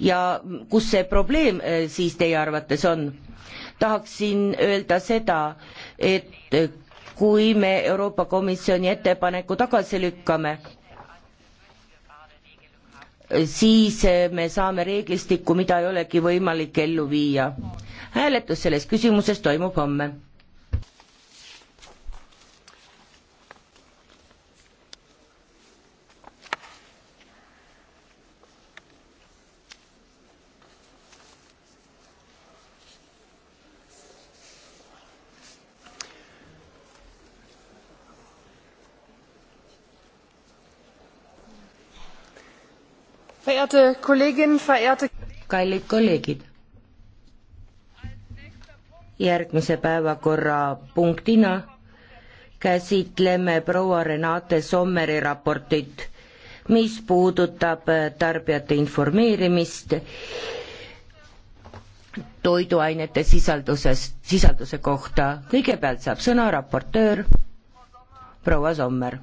ja kus see probleem eh, siis teie arvates on? tahaksin öelda seda, et eh, kui me Euroopa Komisjoni ettepaneku tagasi lükkame, eh, siis me saame reeglistikku, mida ei olegi võimalik ellu viia. hääletus selles küsimuses toimub homme kallid kolleegid, järgmise päevakorrapunktina käsitleme proua Renate Sommeri raportit, mis puudutab tarbijate informeerimist toiduainete sisaldusest, sisalduse kohta. kõigepealt saab sõna raportöör proua Sommer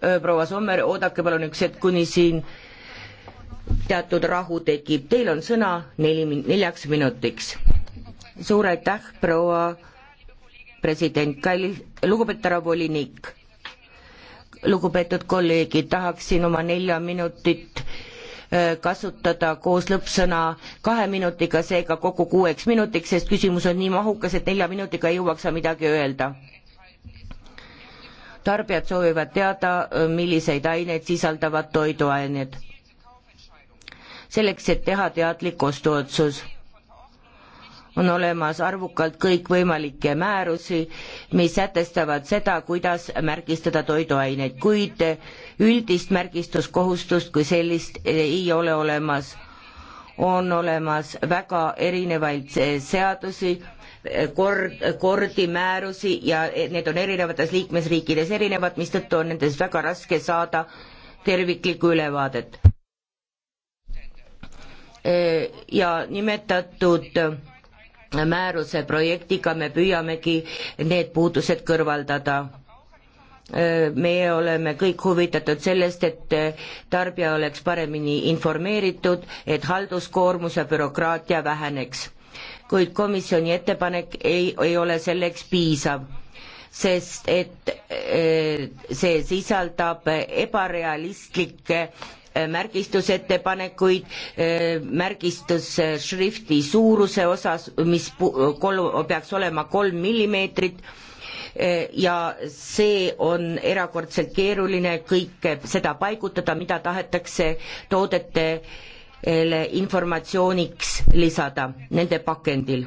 Äh, proua Sommer, oodake palun üks hetk, kuni siin teatud rahu tekib, teil on sõna neli, neljaks minutiks. suur aitäh, proua president, kallis, lugupeetud härra volinik, lugupeetud kolleegid, tahaksin oma nelja minutit äh, kasutada koos lõppsõna kahe minutiga, seega kokku kuueks minutiks, sest küsimus on nii mahukas, et nelja minutiga ei jõuaks midagi öelda tarbijad soovivad teada, milliseid aineid sisaldavad toiduained. selleks, et teha teadlik ostuotsus on olemas arvukalt kõikvõimalikke määrusi, mis sätestavad seda, kuidas märgistada toiduaineid, kuid üldist märgistuskohustust kui sellist ei ole olemas. on olemas väga erinevaid seadusi kord, kordi määrusi ja need on erinevates liikmesriikides erinevad, mistõttu on nendes väga raske saada terviklikku ülevaadet. ja nimetatud määruse projektiga me püüamegi need puudused kõrvaldada meie oleme kõik huvitatud sellest, et tarbija oleks paremini informeeritud, et halduskoormus ja bürokraatia väheneks kuid komisjoni ettepanek ei, ei ole selleks piisav sest et eh, see sisaldab ebarealistlikke eh, märgistusettepanekuid, eh, märgistus šrifti suuruse osas, mis kolm, peaks olema kolm millimeetrit ja see on erakordselt keeruline kõike seda paigutada, mida tahetakse toodete informatsiooniks lisada nende pakendil.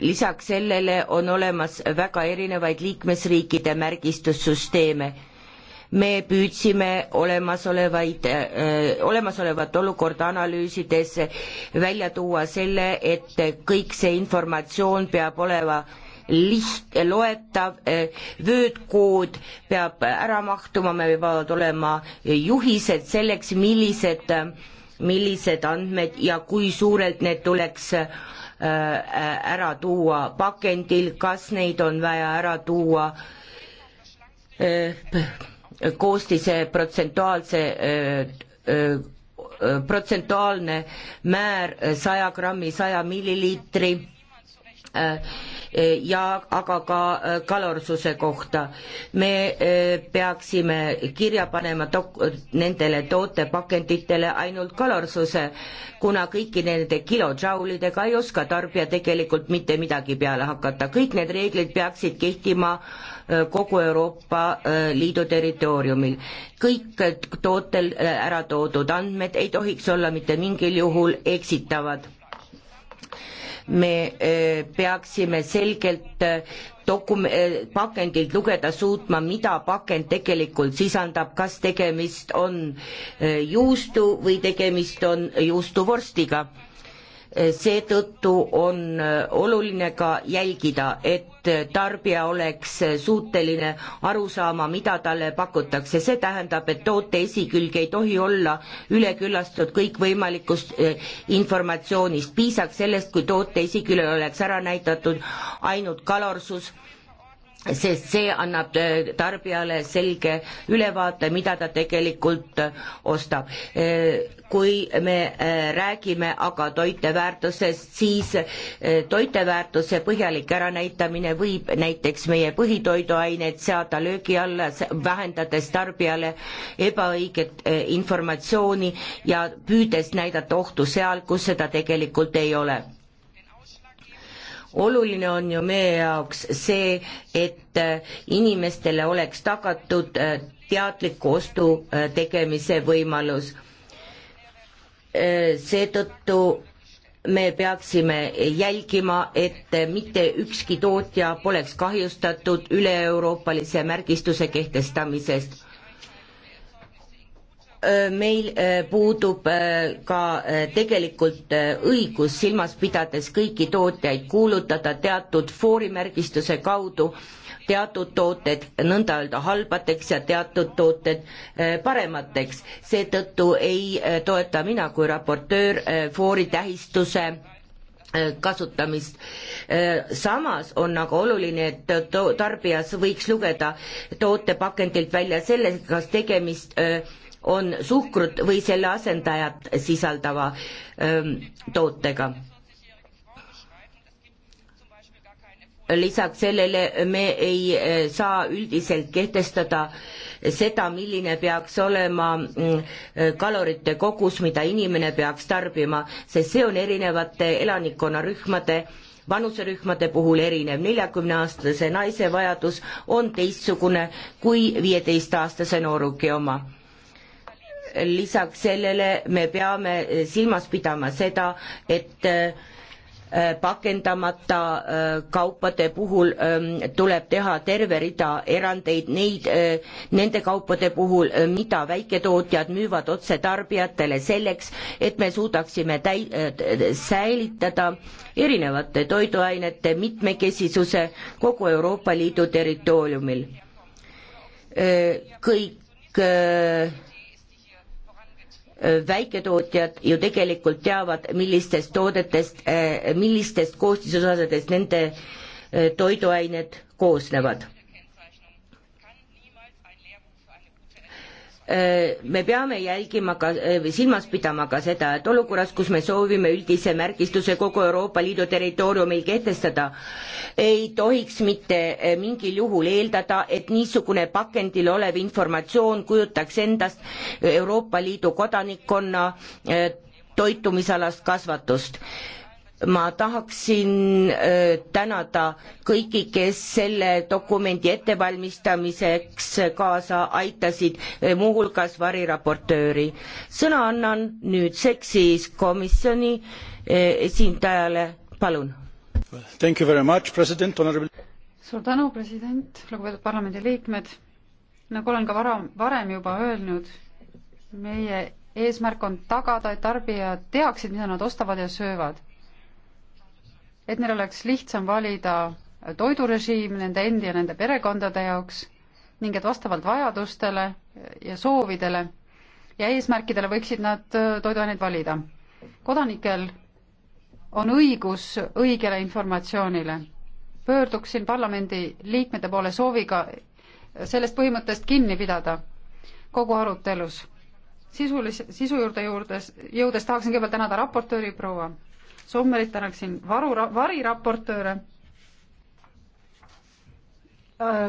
lisaks sellele on olemas väga erinevaid liikmesriikide märgistussüsteeme. me püüdsime olemasolevaid, olemasolevat olukorda analüüsides välja tuua selle, et kõik see informatsioon peab olema liht-, loetav, eh, vöödkood peab ära mahtuma, meil peavad olema juhised selleks, millised, millised andmed ja kui suurelt need tuleks eh, ära tuua pakendil, kas neid on vaja ära tuua eh, koostise protsentuaalse protsentuaalne määr saja grammi saja milliliitri Äh, ja aga ka äh, kalorsuse kohta. me äh, peaksime kirja panema dok-, nendele tootepakenditele ainult kalorsuse, kuna kõiki nende kilojoulidega ei oska tarbija tegelikult mitte midagi peale hakata. kõik need reeglid peaksid kehtima kogu Euroopa Liidu territooriumil. kõik tootel ära toodud andmed ei tohiks olla mitte mingil juhul eksitavad me eh, peaksime selgelt eh, dokum-, eh, pakendilt lugeda suutma, mida pakend tegelikult sisaldab, kas tegemist on juustu või tegemist on juustuvorstiga seetõttu on äh, oluline ka jälgida, et tarbija oleks suuteline aru saama, mida talle pakutakse, see tähendab, et toote esikülg ei tohi olla üleküllastatud kõikvõimalikust äh, informatsioonist, piisaks sellest, kui toote esiküljel oleks ära näidatud ainult kalorsus, sest see annab äh, tarbijale selge ülevaate, mida ta tegelikult äh, ostab. Äh, kui me räägime aga toiteväärtusest, siis toiteväärtuse põhjalik äranäitamine võib näiteks meie põhitoiduained seada löögi alla, vähendades tarbijale ebaõiget informatsiooni ja püüdes näidata ohtu seal, kus seda tegelikult ei ole oluline on ju meie jaoks see, et äh, inimestele oleks tagatud äh, teadliku ostu äh, tegemise võimalus. seetõttu me peaksime jälgima, et mitte ükski tootja poleks kahjustatud üle-euroopalise märgistuse kehtestamisest Äh, meil äh, puudub äh, ka tegelikult õigus silmas pidades kõiki tootjaid kuulutada teatud foorimärgistuse kaudu teatud tooted nõnda öelda halbateks ja teatud tooted paremateks. seetõttu ei toeta mina kui raportöör foori tähistuse kasutamist. samas on aga oluline, et tarbijas võiks lugeda toote pakendilt välja selle, kas tegemist öö, on suhkrut või selle asendajat sisaldava öö, ähm, tootega. lisaks sellele me ei äh, saa üldiselt kehtestada seda, milline peaks olema mm, äh, kalorite kogus, mida inimene peaks tarbima, sest see on erinevate elanikkonnarühmade vanuserühmade puhul erinev, neljakümneaastase naise vajadus on teistsugune kui viieteist-aastase nooruki oma lisaks sellele me peame silmas pidama seda, et äh, pakendamata äh, kaupade puhul ähm, tuleb teha terve rida erandeid, neid, äh, nende kaupade puhul, mida väiketootjad müüvad otse tarbijatele selleks, et me suudaksime täi-, säilitada erinevate toiduainete mitmekesisuse kogu Euroopa Liidu territooriumil. kõik väiketootjad ju tegelikult teavad, millistest toodetest, millistest koostisosadest nende eh, toiduained koosnevad Äh, me peame jälgima ka, äh, silmas pidama ka seda, et olukorras, kus me soovime üldise märgistuse kogu Euroopa Liidu territooriumil kehtestada, ei tohiks mitte äh, mingil juhul eeldada, et niisugune pakendil olev informatsioon kujutaks endast Euroopa Liidu kodanikkonna toitumisalast kasvatust ma tahaksin äh, tänada kõiki, kes selle dokumendi ettevalmistamiseks kaasa aitasid, äh, muuhulgas variraportööri. sõna annan nüüdseks siis komisjoni äh, esindajale, palun. suur tänu, president, lugupeetud parlamendiliikmed. nagu olen ka vara, varem juba öelnud, meie eesmärk on tagada, et tarbijad teaksid, mida nad ostavad ja söövad et neil oleks lihtsam valida toidurežiim nende endi ja nende perekondade jaoks ning et vastavalt vajadustele ja soovidele ja eesmärkidele võiksid nad äh, toiduaineid valida. kodanikel on õigus õigele informatsioonile. pöörduksin parlamendi liikmete poole sooviga sellest põhimõttest kinni pidada kogu arutelus. sisulise, sisu juurde juurde jõudes tahaksin kõigepealt tänada raportööri proua Sommerit, tänaksin varu, variraportööre. Äh,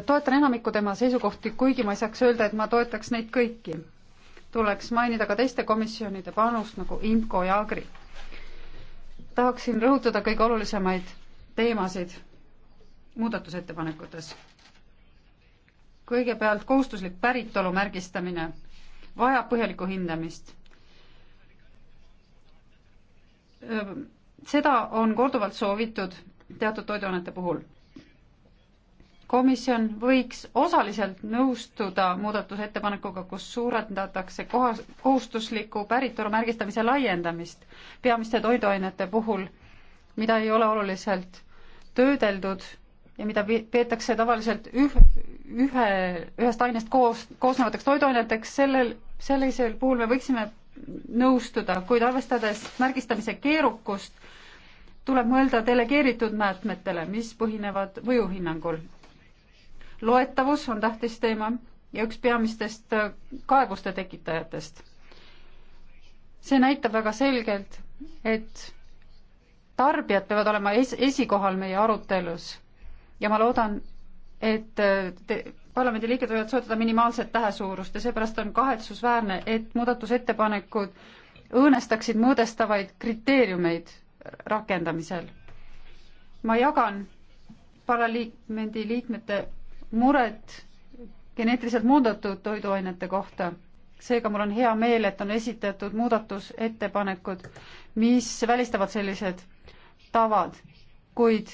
toetan enamikku tema seisukohti, kuigi ma ei saaks öelda, et ma toetaks neid kõiki. tuleks mainida ka teiste komisjonide panust nagu IMCO ja Agri. tahaksin rõhutada kõige olulisemaid teemasid muudatusettepanekutes. kõigepealt kohustuslik päritolu märgistamine vajab põhjalikku hindamist äh, seda on korduvalt soovitud teatud toiduainete puhul. komisjon võiks osaliselt nõustuda muudatusettepanekuga, kus suurendatakse kohas, kohustusliku päritolu märgistamise laiendamist peamiste toiduainete puhul, mida ei ole oluliselt töödeldud ja mida peetakse tavaliselt üh-, ühe, ühest ainest koos, koosnevateks toiduaineteks, sellel, sellisel puhul me võiksime nõustuda, kuid arvestades märgistamise keerukust, tuleb mõelda delegeeritud määrtmetele, mis põhinevad mõjuhinnangul. loetavus on tähtis teema ja üks peamistest äh, kaebuste tekitajatest. see näitab väga selgelt, et tarbijad peavad olema es esikohal meie arutelus ja ma loodan, et äh, parlamendiliikmed võivad soetada minimaalset tähesuurust ja seepärast on kahetsusväärne, et muudatusettepanekud õõnestaksid mõõdestavaid kriteeriumeid rakendamisel. ma jagan parlamendi liikmete muret geneetiliselt muundatud toiduainete kohta. seega mul on hea meel, et on esitatud muudatusettepanekud, mis välistavad sellised tavad, kuid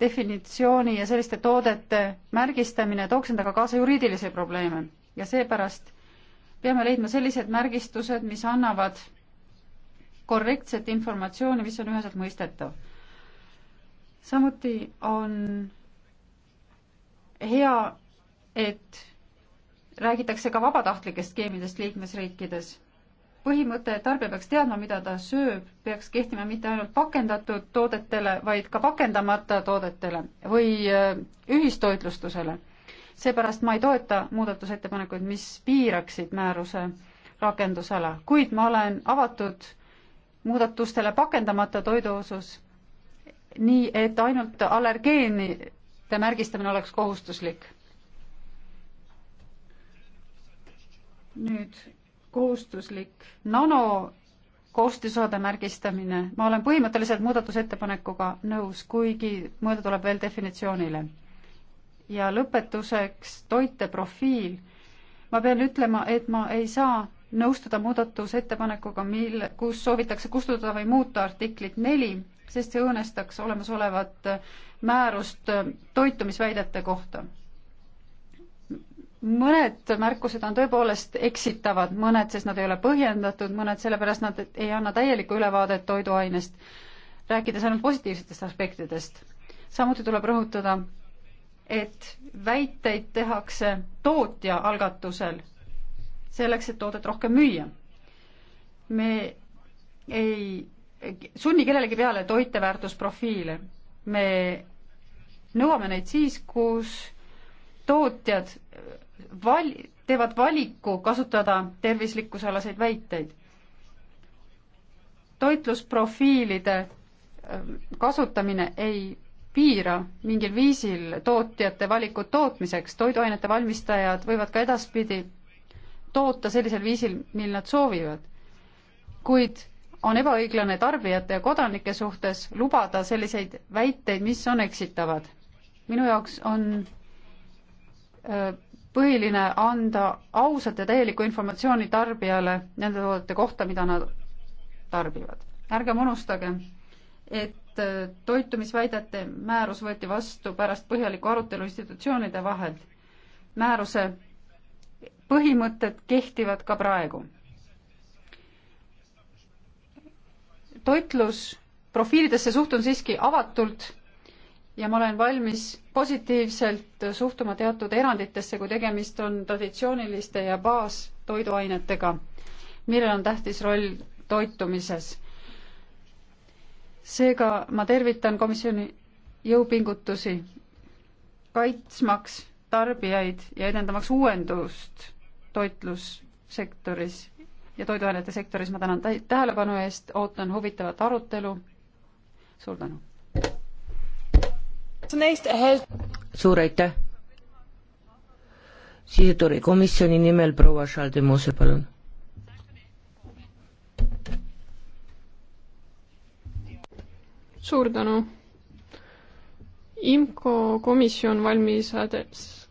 definitsiooni ja selliste toodete märgistamine tooks endaga kaasa juriidilisi probleeme ja seepärast peame leidma sellised märgistused, mis annavad korrektset informatsiooni, mis on üheselt mõistetav. samuti on hea, et räägitakse ka vabatahtlikest skeemidest liikmesriikides. põhimõte, et tarbija peaks teadma, mida ta sööb, peaks kehtima mitte ainult pakendatud toodetele, vaid ka pakendamata toodetele või äh, ühistoitlustusele. seepärast ma ei toeta muudatusettepanekuid, mis piiraksid määruse rakendusala, kuid ma olen avatud muudatustele pakendamata toidu osas, nii et ainult allergeenide märgistamine oleks kohustuslik. nüüd kohustuslik nano koostisosade märgistamine, ma olen põhimõtteliselt muudatusettepanekuga nõus, kuigi mõelda tuleb veel definitsioonile. ja lõpetuseks toite profiil. ma pean ütlema, et ma ei saa nõustuda muudatusettepanekuga, mil, kus soovitakse kustutada või muuta artiklit neli, sest see õõnestaks olemasolevat määrust toitumisväidete kohta. mõned märkused on tõepoolest eksitavad, mõned, sest nad ei ole põhjendatud, mõned sellepärast nad ei anna täielikku ülevaadet toiduainest, rääkides ainult positiivsetest aspektidest. samuti tuleb rõhutada, et väiteid tehakse tootja algatusel selleks, et toodet rohkem müüa. me ei sunni kellelegi peale toiteväärtusprofiile. me nõuame neid siis, kus tootjad val-, teevad valiku kasutada tervislikkusalaseid väiteid. toitlusprofiilide ähm, kasutamine ei piira mingil viisil tootjate valikut tootmiseks, toiduainete valmistajad võivad ka edaspidi toota sellisel viisil, mil nad soovivad. kuid on ebaõiglane tarbijate ja kodanike suhtes lubada selliseid väiteid, mis on eksitavad. minu jaoks on äh, põhiline anda ausat ja täielikku informatsiooni tarbijale nende toodete kohta, mida nad tarbivad. ärgem unustagem, et äh, toitumisväidete määrus võeti vastu pärast põhjalikku arutelu institutsioonide vahel. määruse põhimõtted kehtivad ka praegu. toitlusprofiilidesse suhtun siiski avatult ja ma olen valmis positiivselt suhtuma teatud eranditesse, kui tegemist on traditsiooniliste ja baastoiduainetega, millel on tähtis roll toitumises. seega ma tervitan komisjoni jõupingutusi kaitsmaks tarbijaid ja edendamaks uuendust toitlussektoris ja toiduainete sektoris. ma tänan tähelepanu eest, ootan huvitavat arutelu. suur tänu. suur aitäh. siseturikomisjoni nimel proua Šaldemose, palun. suur tänu IMCO komisjon valmis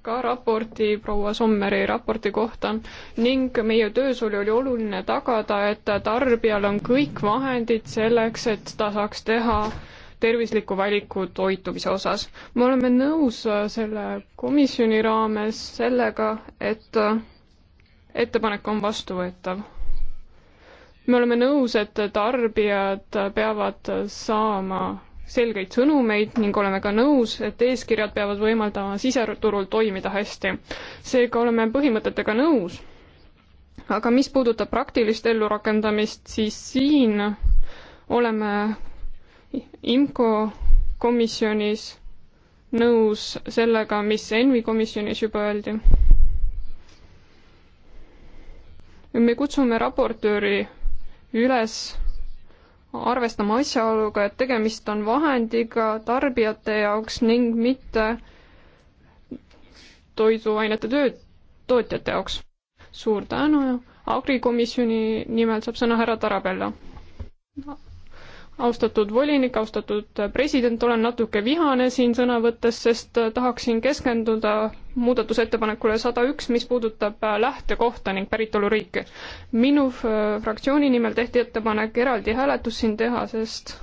ka raporti, proua Sommeri raporti kohta ning meie töös oli, oli oluline tagada, et tarbijal on kõik vahendid selleks, et ta saaks teha tervislikku valiku toitumise osas. me oleme nõus selle komisjoni raames sellega, et ettepanek on vastuvõetav. me oleme nõus, et tarbijad peavad saama selgeid sõnumeid ning oleme ka nõus, et eeskirjad peavad võimaldama siseturul toimida hästi. seega oleme põhimõtetega nõus. aga mis puudutab praktilist ellurakendamist, siis siin oleme IMCO komisjonis nõus sellega, mis ENVI komisjonis juba öeldi. me kutsume raportööri üles arvestama asjaoluga, et tegemist on vahendiga tarbijate jaoks ning mitte toiduainete töö, tootjate jaoks. suur tänu, agrikomisjoni nimel saab sõna härra Tarabella austatud volinik, austatud president, olen natuke vihane siin sõna võttes, sest tahaksin keskenduda muudatusettepanekule sada üks, mis puudutab lähtekohta ning päritoluriiki. minu äh, fraktsiooni nimel tehti ettepanek eraldi hääletus siin teha, sest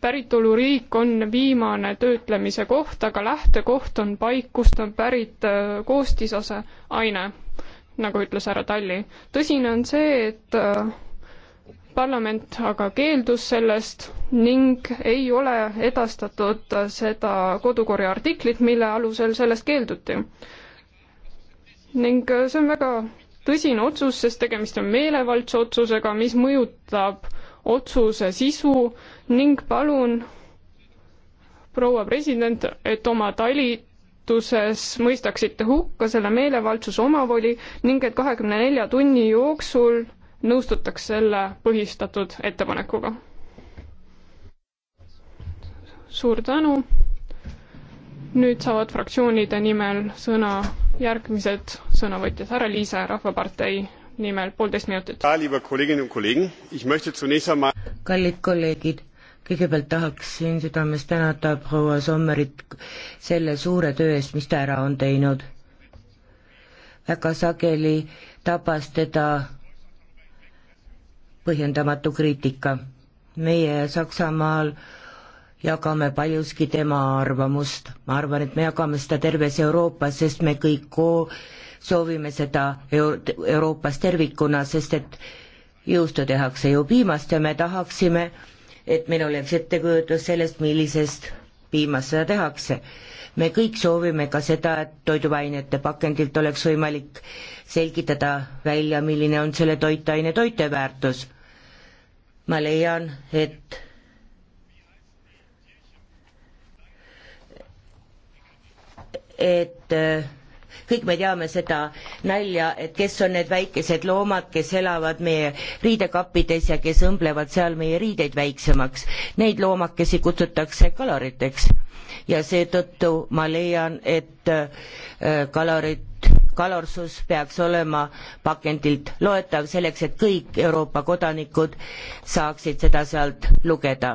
päritoluriik on viimane töötlemise koht, aga lähtekoht on paik, kust on pärit äh, koostisase aine, nagu ütles härra Talli. tõsine on see, et äh, parlament aga keeldus sellest ning ei ole edastatud seda kodukorra artiklit, mille alusel sellest keelduti. ning see on väga tõsine otsus, sest tegemist on meelevaldse otsusega, mis mõjutab otsuse sisu ning palun, proua president, et oma talituses mõistaksite hukka selle meelevaldsuse omavoli ning et kahekümne nelja tunni jooksul nõustutaks selle põhistatud ettepanekuga. suur tänu. nüüd saavad fraktsioonide nimel sõna järgmised sõnavõtjad. härra Liise Rahvapartei nimel poolteist minutit. kallid kolleegid, kõigepealt tahaksin südamest tänada proua Sommerit selle suure töö eest, mis ta ära on teinud. väga sageli tabas teda põhjendamatu kriitika. meie Saksamaal jagame paljuski tema arvamust, ma arvan, et me jagame seda terves Euroopas, sest me kõik koo-, soovime seda Euro-, Euroopas tervikuna, sest et juustu tehakse ju piimast ja me tahaksime, et meil oleks ettekujutus sellest, millisest piimast seda tehakse. me kõik soovime ka seda, et toiduainete pakendilt oleks võimalik selgitada välja, milline on selle toitaine toiteväärtus ma leian, et et äh, kõik me teame seda nalja, et kes on need väikesed loomad, kes elavad meie riidekappides ja kes õmblevad seal meie riideid väiksemaks. Neid loomakesi kutsutakse kaloriteks ja seetõttu ma leian, et äh, kalorid kalorsus peaks olema pakendilt loetav selleks, et kõik Euroopa kodanikud saaksid seda sealt lugeda.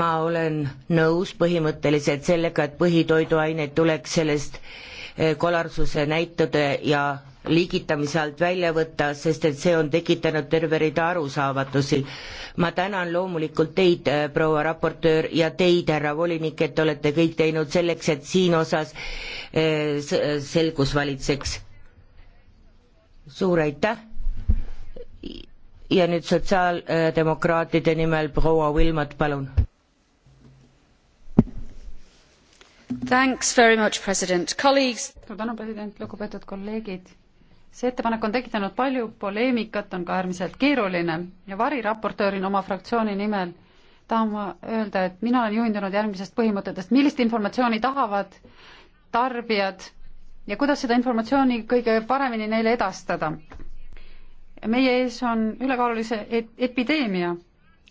ma olen nõus põhimõtteliselt sellega, et põhitoiduained tuleks sellest eh, kolarsuse näitude ja liigitamise alt välja võtta, sest et see on tekitanud terve rida arusaamatusi. ma tänan loomulikult teid, äh, proua raportöör, ja teid, härra volinik, et olete kõik teinud selleks, et siin osas äh, selgus valitseks. suur aitäh! ja nüüd sotsiaaldemokraatide nimel proua Wilmot, palun. Much, president. Colleagues... tänu president lugupeetud kolleegid see ettepanek on tekitanud palju poleemikat, on ka äärmiselt keeruline ja variraportöörina oma fraktsiooni nimel tahan ma öelda, et mina olen juhindunud järgmisest põhimõtetest, millist informatsiooni tahavad tarbijad ja kuidas seda informatsiooni kõige paremini neile edastada. meie ees on ülekaalulise epideemia.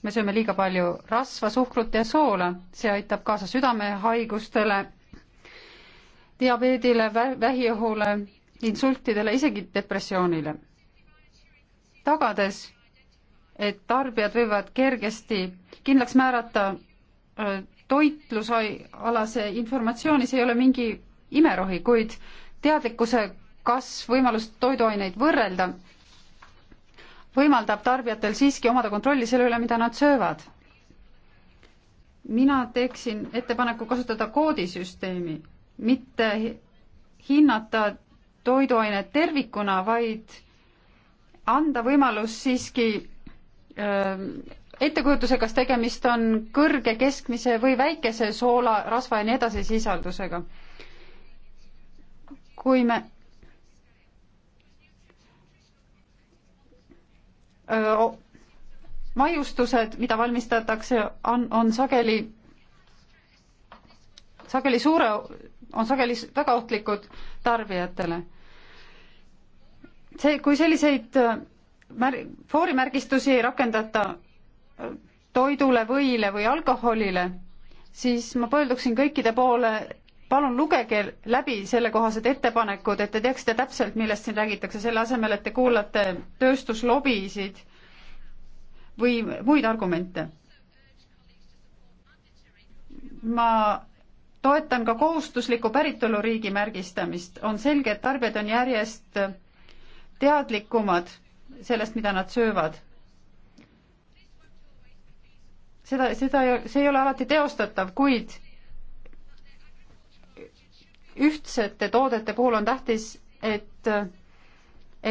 me sööme liiga palju rasva, suhkrut ja soola, see aitab kaasa südamehaigustele, diabeedile, vähiõhule insultidele, isegi depressioonile. tagades, et tarbijad võivad kergesti kindlaks määrata äh, toitlusalase informatsiooni, see ei ole mingi imerohi, kuid teadlikkuse kasv, võimalus toiduaineid võrrelda, võimaldab tarbijatel siiski omada kontrolli selle üle, mida nad söövad. mina teeksin ettepaneku kasutada koodisüsteemi, mitte hinnata toiduained tervikuna, vaid anda võimalus siiski ähm, ettekujutuse, kas tegemist on kõrge, keskmise või väikese soola, rasva ja nii edasi sisaldusega. kui me öö, maiustused, mida valmistatakse, on, on sageli, sageli suure, on sageli väga ohtlikud tarbijatele see, kui selliseid äh, mär-, foorimärgistusi ei rakendata äh, toidule, võile või alkoholile, siis ma pöörduksin kõikide poole, palun lugege läbi sellekohased ettepanekud, et te teaksite täpselt, millest siin räägitakse, selle asemel, et te kuulate tööstuslobisid või muid argumente. ma toetan ka kohustusliku päritoluriigi märgistamist, on selge, et tarbijad on järjest teadlikumad sellest, mida nad söövad. seda, seda, see ei ole alati teostatav, kuid ühtsete toodete puhul on tähtis, et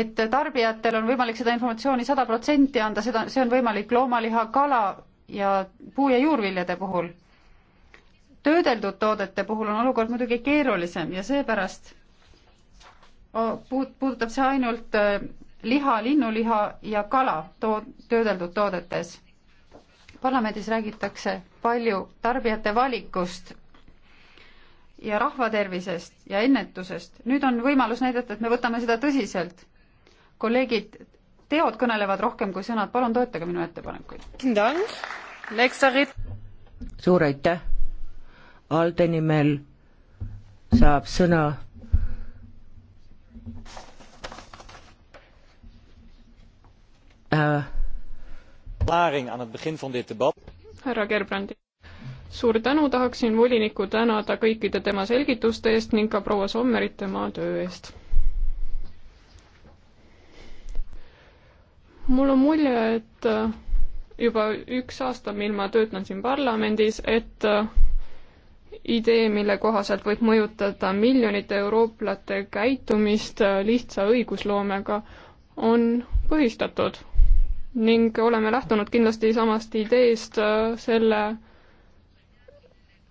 et tarbijatel on võimalik seda informatsiooni sada protsenti anda, seda, see on võimalik loomaliha, kala ja puu- ja juurviljade puhul. töödeldud toodete puhul on olukord muidugi keerulisem ja seepärast puudutab see ainult äh, liha, linnuliha ja kala too-, töödeldud toodetes. parlamendis räägitakse palju tarbijate valikust ja rahvatervisest ja ennetusest. nüüd on võimalus näidata, et me võtame seda tõsiselt. kolleegid, teod kõnelevad rohkem kui sõnad, palun toetage minu ettepanekuid. suur aitäh! Alde nimel saab sõna härra Gerbrandi suur tänu, tahaksin volinikku tänada kõikide tema selgituste eest ning ka proua Sommerit tema töö eest. mul on mulje, et äh, juba üks aasta, mil ma töötan siin parlamendis, et äh, idee, mille kohaselt võib mõjutada miljonite eurooplate käitumist lihtsa õigusloomega, on põhistatud. ning oleme lähtunud kindlasti samast ideest äh, selle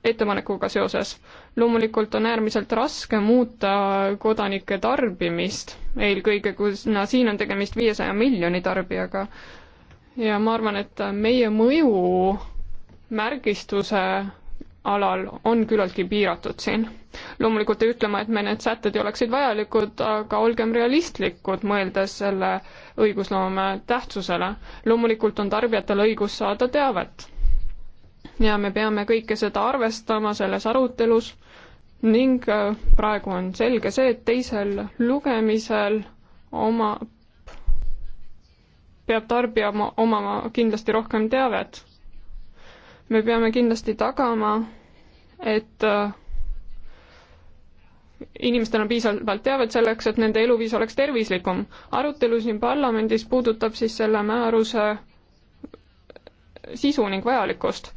ettepanekuga seoses. loomulikult on äärmiselt raske muuta kodanike tarbimist, eelkõige kuna siin on tegemist viiesaja miljoni tarbijaga. ja ma arvan, et meie mõju märgistuse alal on küllaltki piiratud siin. loomulikult ei ütle ma, et me need sätted ei oleksid vajalikud, aga olgem realistlikud, mõeldes selle õigusloome tähtsusele. loomulikult on tarbijatel õigus saada teavet. ja me peame kõike seda arvestama selles arutelus ning äh, praegu on selge see, et teisel lugemisel oma, peab tarbija omama kindlasti rohkem teavet me peame kindlasti tagama, et äh, inimestel on piisavalt teavet selleks, et nende eluviis oleks tervislikum. arutelu siin parlamendis puudutab siis selle määruse sisu ning vajalikkust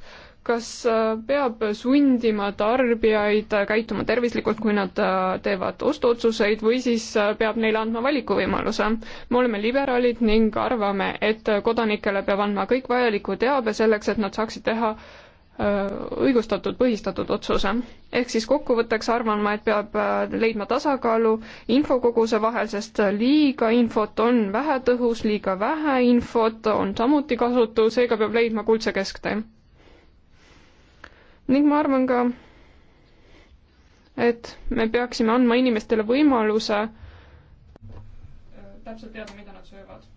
kas äh, peab sundima tarbijaid käituma tervislikult, kui nad äh, teevad ostuotsuseid või siis äh, peab neile andma valikuvõimaluse? me oleme liberaalid ning arvame, et kodanikele peab andma kõik vajaliku teabe selleks, et nad saaksid teha õigustatud, põhistatud otsuse. ehk siis kokkuvõtteks arvan ma, et peab leidma tasakaalu infokoguse vahel, sest liiga infot on vähetõhus, liiga vähe infot on samuti kasutu, seega peab leidma kuldse kesktee ning ma arvan ka, et me peaksime andma inimestele võimaluse täpselt teada, mida nad söövad.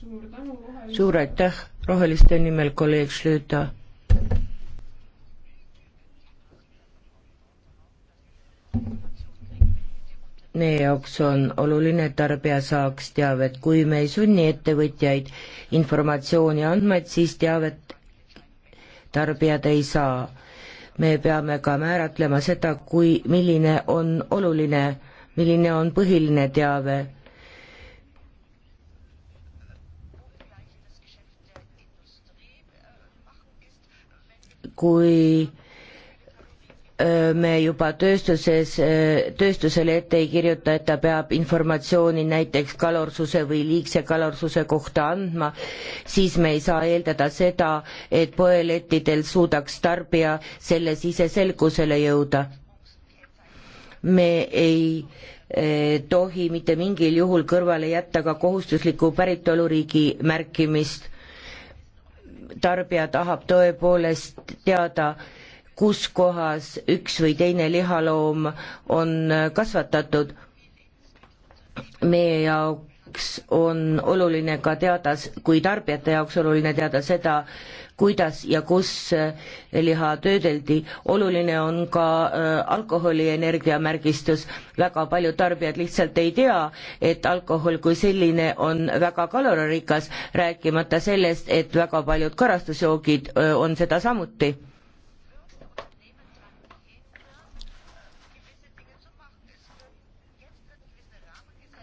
suur tänu, roheliste. suur aitäh, roheliste nimel kolleeg Schlüter. meie jaoks on oluline, et tarbija saaks teavet, kui me ei sunni ettevõtjaid informatsiooni andma, et siis teavet tarbijad ei saa. me peame ka määratlema seda, kui, milline on oluline, milline on põhiline teave kui me juba tööstuses, tööstusele ette ei kirjuta, et ta peab informatsiooni näiteks kalorsuse või liigse kalorsuse kohta andma, siis me ei saa eeldada seda, et poelettidel suudaks tarbija selles ise selgusele jõuda. me ei tohi mitte mingil juhul kõrvale jätta ka kohustusliku päritoluriigi märkimist. tarbija tahab tõepoolest teada, kus kohas üks või teine lihaloom on kasvatatud. meie jaoks on oluline ka teada, kui tarbijate jaoks oluline teada seda, kuidas ja kus liha töödeldi, oluline on ka äh, alkoholi energiamärgistus, väga paljud tarbijad lihtsalt ei tea, et alkohol kui selline on väga kaloririkas, rääkimata sellest, et väga paljud karastusjoogid äh, on seda samuti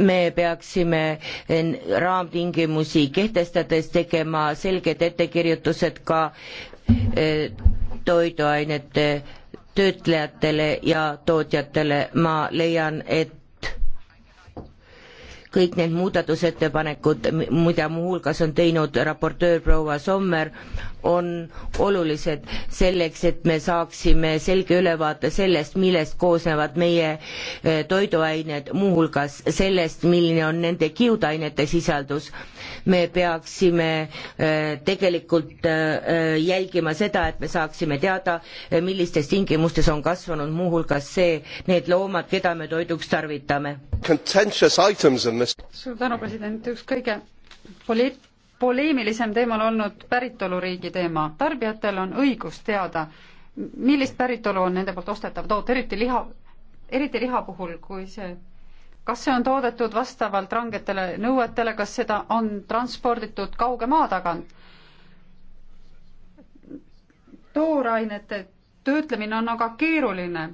me peaksime eh, raamtingimusi kehtestades tegema selged ettekirjutused ka eh, toiduainete töötlejatele ja tootjatele, ma leian, et kõik need muudatusettepanekud, mida muuhulgas on teinud raportöör proua Sommer, on olulised selleks, et me saaksime selge ülevaate sellest, millest koosnevad meie eh, toiduained, muuhulgas sellest, milline on nende kiudainete sisaldus. me peaksime eh, tegelikult eh, jälgima seda, et me saaksime teada, millistes tingimustes on kasvanud muuhulgas see, need loomad, keda me toiduks tarvitame. Contentious items in suur tänu, president, üks kõige poli-, poleemilisem teema on olnud päritoluriigi teema. tarbijatel on õigus teada, millist päritolu on nende poolt ostetav toot, eriti liha, eriti liha puhul, kui see kas see on toodetud vastavalt rangetele nõuetele, kas seda on transporditud kauge maa tagant? toorainete töötlemine on aga keeruline,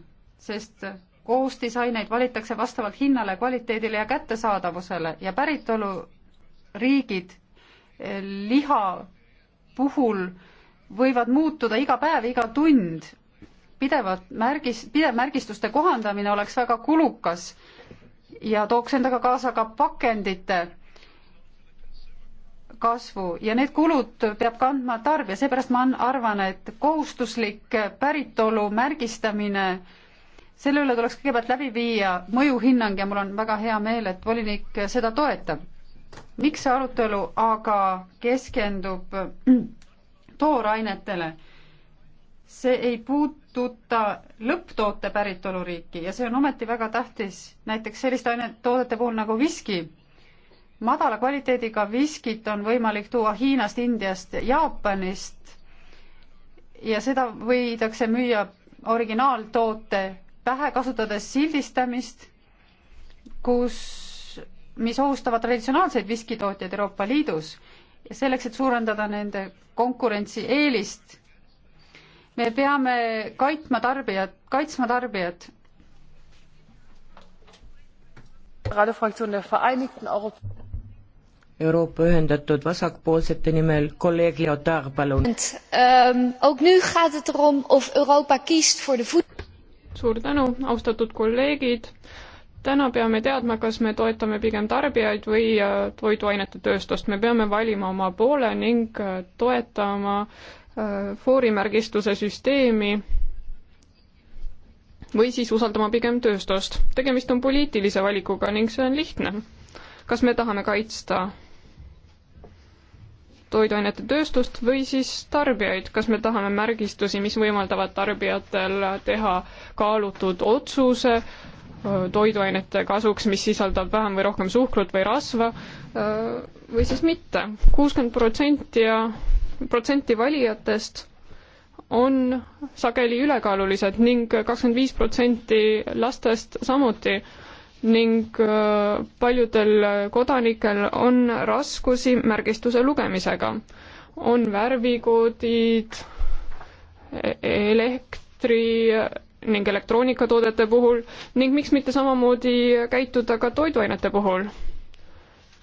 sest koostisaineid valitakse vastavalt hinnale, kvaliteedile ja kättesaadavusele ja päritoluriigid eh, liha puhul võivad muutuda iga päev, iga tund. pidevalt märgis, pidev märgistuste kohandamine oleks väga kulukas ja tooks endaga kaasa ka pakendite kasvu ja need kulud peab kandma tarbija, seepärast ma arvan, et kohustuslik päritolu märgistamine äh, selle üle tuleks kõigepealt läbi viia mõjuhinnang ja mul on väga hea meel, et volinik seda toetab. miks see arutelu aga keskendub toorainetele? see ei puuduta lõpptoote päritoluriiki ja see on ometi väga tähtis näiteks selliste ainet, toodete puhul nagu viski. madala kvaliteediga viskit on võimalik tuua Hiinast, Indiast, Jaapanist ja seda võidakse müüa originaaltoote pähe, kasutades sildistamist, kus, mis ohustavad traditsionaalseid viskitootjaid Euroopa Liidus ja selleks, et suurendada nende konkurentsieelist, me peame kaitma tarbijat, kaitsma tarbijat Euroopa Ühendatud Vasakpoolsete nimel kolleeg Leotard, palun. Um, ook nu gaat het erom of Euroopa kiest voor de voet- suur tänu, austatud kolleegid. täna peame teadma, kas me toetame pigem tarbijaid või äh, toiduainete tööstust. me peame valima oma poole ning äh, toetama äh, foorimärgistuse süsteemi või siis usaldama pigem tööstust. tegemist on poliitilise valikuga ning see on lihtne. kas me tahame kaitsta toiduainete tööstust või siis tarbijaid, kas me tahame märgistusi, mis võimaldavad tarbijatel teha kaalutud otsuse toiduainete kasuks, mis sisaldab vähem või rohkem suhkrut või rasva või siis mitte. kuuskümmend protsenti ja protsenti valijatest on sageli ülekaalulised ning kakskümmend viis protsenti lastest samuti ning äh, paljudel kodanikel on raskusi märgistuse lugemisega. on värvikoodid, e-, elektri ning elektroonikatoodete puhul ning miks mitte samamoodi käituda ka toiduainete puhul.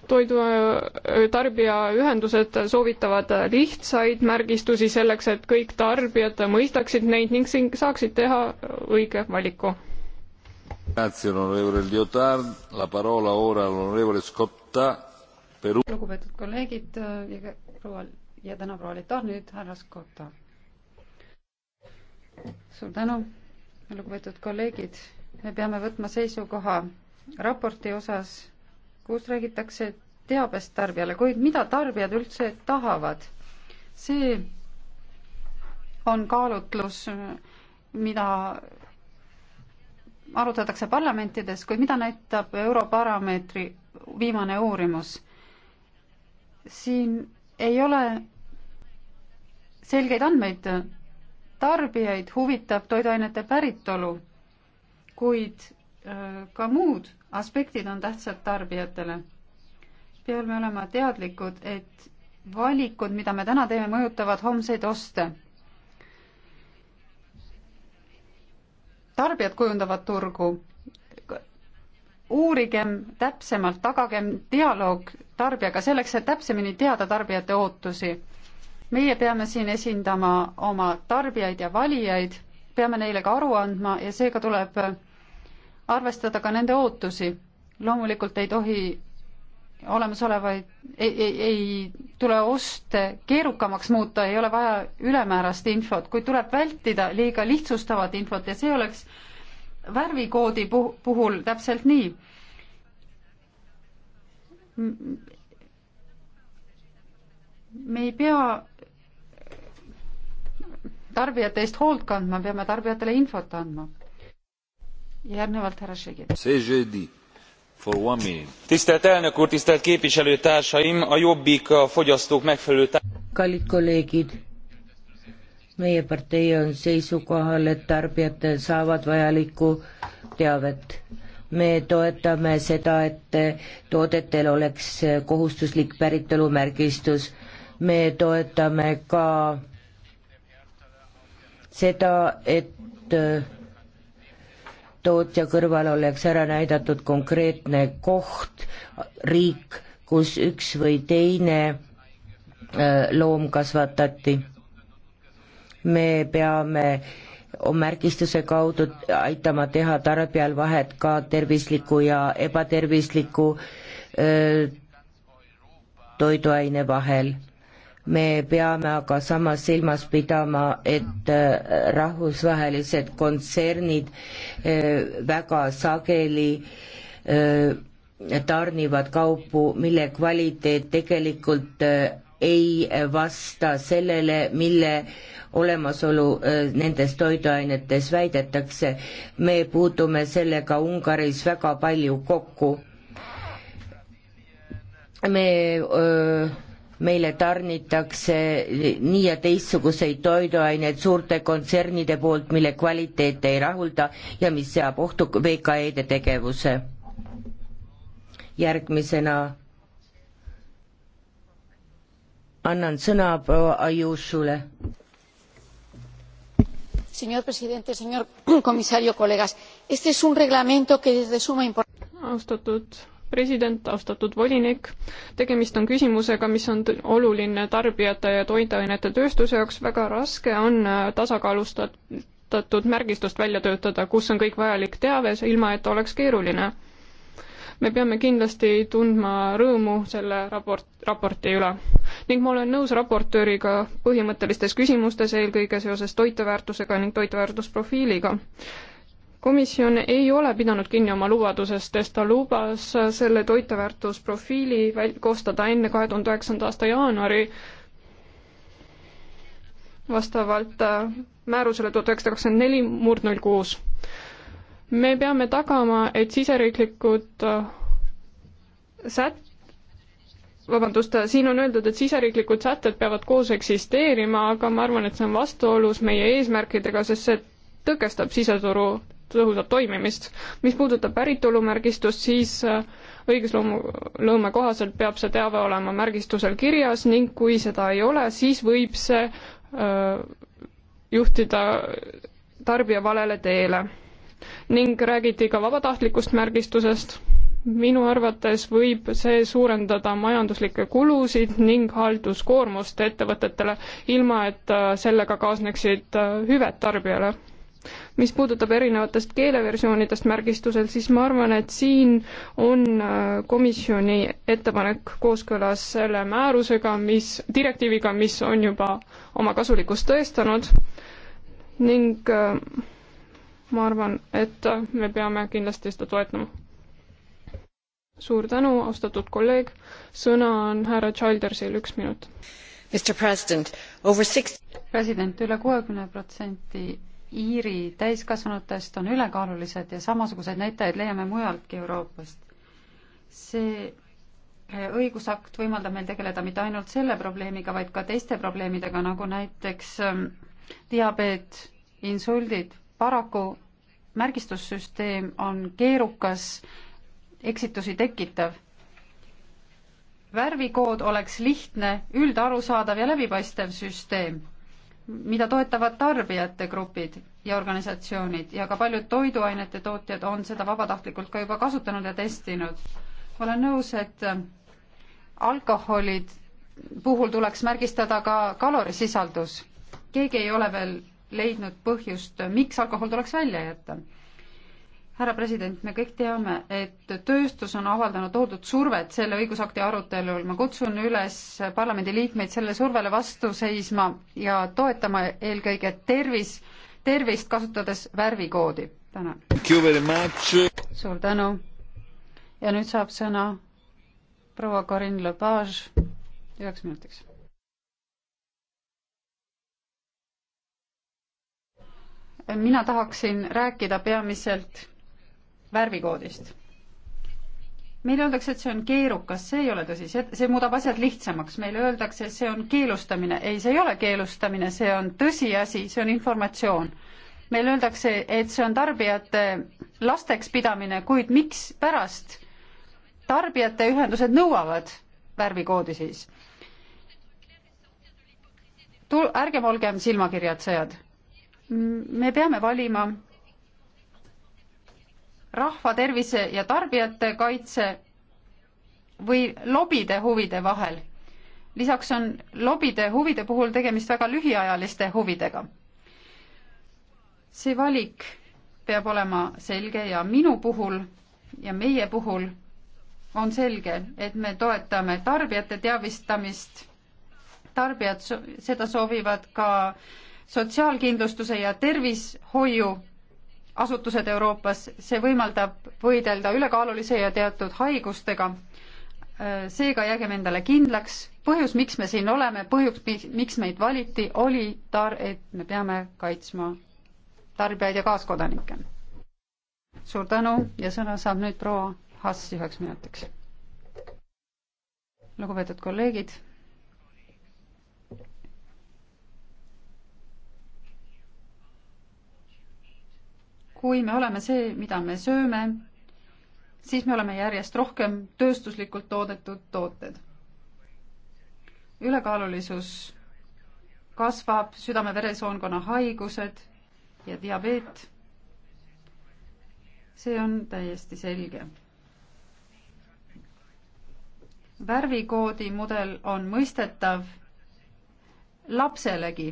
toidu äh, tarbijaühendused soovitavad lihtsaid märgistusi selleks, et kõik tarbijad mõistaksid neid ning siin saaksid teha õige valiku lugupeetud kolleegid äh, ja proua ja täna proua Litar, nüüd härra Skotta. suur tänu, lugupeetud kolleegid, me peame võtma seisukoha raporti osas, kus räägitakse teabest tarbijale, kuid mida tarbijad üldse tahavad? see on kaalutlus, mida arutatakse parlamentides, kuid mida näitab Europarameetri viimane uurimus? siin ei ole selgeid andmeid, tarbijaid huvitab toiduainete päritolu, kuid äh, ka muud aspektid on tähtsad tarbijatele. peame olema teadlikud, et valikud, mida me täna teeme, mõjutavad homseid oste tarbijad kujundavad turgu. uurigem täpsemalt, tagagem dialoog tarbijaga selleks, et täpsemini teada tarbijate ootusi. meie peame siin esindama oma tarbijaid ja valijaid, peame neile ka aru andma ja seega tuleb arvestada ka nende ootusi. loomulikult ei tohi olemasolevaid, ei, ei, ei tule oste keerukamaks muuta, ei ole vaja ülemäärast infot, kuid tuleb vältida liiga lihtsustavat infot ja see oleks värvikoodi puh-, puhul täpselt nii. me ei pea tarbijate eest hoolt kandma, peame tarbijatele infot andma. järgnevalt härra Šegin. CGD tisztelt elnök úr tisztelt képviselőtársaim! a jobbik a fogyasztók megfelelő. kallid kolleegid meie partei on seisukohal et tarbijad saavad vajalikku teavet. me toetame seda et toodetel oleks kohustuslik päritolumärgistus. me toetame ka seda et märgitud ja kõrval oleks ära näidatud konkreetne koht, riik, kus üks või teine äh, loom kasvatati. me peame märgistuse kaudu aitama teha tarbijal vahet ka tervisliku ja ebatervisliku äh, toiduaine vahel me peame aga samas silmas pidama, et äh, rahvusvahelised kontsernid äh, väga sageli äh, tarnivad kaupu, mille kvaliteet tegelikult ei vasta sellele, mille olemasolu nendes toiduainetes väidetakse. me puutume sellega Ungaris väga palju kokku. me öö, meile tarnitakse nii ja teistsuguseid toiduaineid suurte kontsernide poolt, mille kvaliteet ei rahulda ja mis seab ohtu VKE-de tegevuse. järgmisena annan sõna proua Ayushule. Señor presidente, señor comisario, colegas, este es un reglamento que es de suma importancia austatud president, austatud volinik, tegemist on küsimusega, mis on oluline tarbijate ja toiduainete tööstuse jaoks, väga raske on äh, tasakaalustatud märgistust välja töötada, kus on kõik vajalik teave, ilma et oleks keeruline. me peame kindlasti tundma rõõmu selle raport, raporti üle. ning ma olen nõus raportööriga põhimõttelistes küsimustes, eelkõige seoses toiteväärtusega ning toiteväärtusprofiiliga komisjon ei ole pidanud kinni oma lubadusest, sest ta lubas selle toiteväärtusprofiili väl-, koostada enne kahe tuhande üheksanda aasta jaanuari vastavalt äh, määrusele tuhat üheksasada kakskümmend neli murd null kuus. me peame tagama, et siseriiklikud äh, sät-, vabandust, äh, siin on öeldud, et siseriiklikud sätted peavad koos eksisteerima, aga ma arvan, et see on vastuolus meie eesmärkidega, sest see tõkestab siseturu tõhusat toimimist. mis puudutab päritolumärgistust, siis äh, õigusloomu, lõume kohaselt peab see teave olema märgistusel kirjas ning kui seda ei ole, siis võib see öö, äh, juhtida tarbija valele teele. ning räägiti ka vabatahtlikust märgistusest. minu arvates võib see suurendada majanduslikke kulusid ning halduskoormust ettevõtetele, ilma et äh, sellega kaasneksid hüved tarbijale mis puudutab erinevatest keeleversioonidest märgistusel, siis ma arvan, et siin on äh, komisjoni ettepanek kooskõlas selle määrusega, mis, direktiiviga, mis on juba oma kasulikkust tõestanud ning äh, ma arvan, et me peame kindlasti seda toetama. suur tänu, austatud kolleeg, sõna on härra Childersil, üks minut. president, üle kuuekümne protsenti Iiri täiskasvanutest on ülekaalulised ja samasuguseid näitajaid leiame mujaltki Euroopast. see eh, õigusakt võimaldab meil tegeleda mitte ainult selle probleemiga, vaid ka teiste probleemidega, nagu näiteks ehm, diabeet, insuldid. paraku märgistussüsteem on keerukas, eksitusi tekitav. värvikood oleks lihtne, üldarusaadav ja läbipaistev süsteem mida toetavad tarbijate grupid ja organisatsioonid ja ka paljud toiduainete tootjad on seda vabatahtlikult ka juba kasutanud ja testinud. ma olen nõus, et alkoholid puhul tuleks märgistada ka kalorisisaldus. keegi ei ole veel leidnud põhjust, miks alkohol tuleks välja jätta härra president, me kõik teame, et tööstus on avaldanud tohutut survet selle õigusakti arutelul, ma kutsun üles parlamendiliikmeid selle survele vastu seisma ja toetama eelkõige tervis, tervist kasutades värvikoodi. tänan. suur tänu. ja nüüd saab sõna proua Karin Lepage üheks minutiks. mina tahaksin rääkida peamiselt värvikoodist. meile öeldakse, et see on keerukas, see ei ole tõsi, see, see muudab asjad lihtsamaks, meile öeldakse, see on keelustamine, ei, see ei ole keelustamine, see on tõsiasi, see on informatsioon. meile öeldakse, et see on tarbijate lasteks pidamine, kuid mikspärast tarbijate ühendused nõuavad värvikoodi siis? ärgem olgem silmakirjatsejad. me peame valima rahvatervise ja tarbijate kaitse või lobide huvide vahel. lisaks on lobide huvide puhul tegemist väga lühiajaliste huvidega. see valik peab olema selge ja minu puhul ja meie puhul on selge, et me toetame tarbijate teavistamist, tarbijad seda soovivad ka sotsiaalkindlustuse ja tervishoiu asutused Euroopas, see võimaldab võidelda ülekaalulise ja teatud haigustega. seega jäägem endale kindlaks, põhjus, miks me siin oleme, põhjus, miks meid valiti, oli tar-, et me peame kaitsma tarbijaid ja kaaskodanikke. suur tänu ja sõna saab nüüd proua Hass üheks minutiks. lugupeetud kolleegid kui me oleme see, mida me sööme, siis me oleme järjest rohkem tööstuslikult toodetud tooted. ülekaalulisus kasvab, südame-veresoonkonna haigused ja diabeet. see on täiesti selge. värvikoodi mudel on mõistetav lapselegi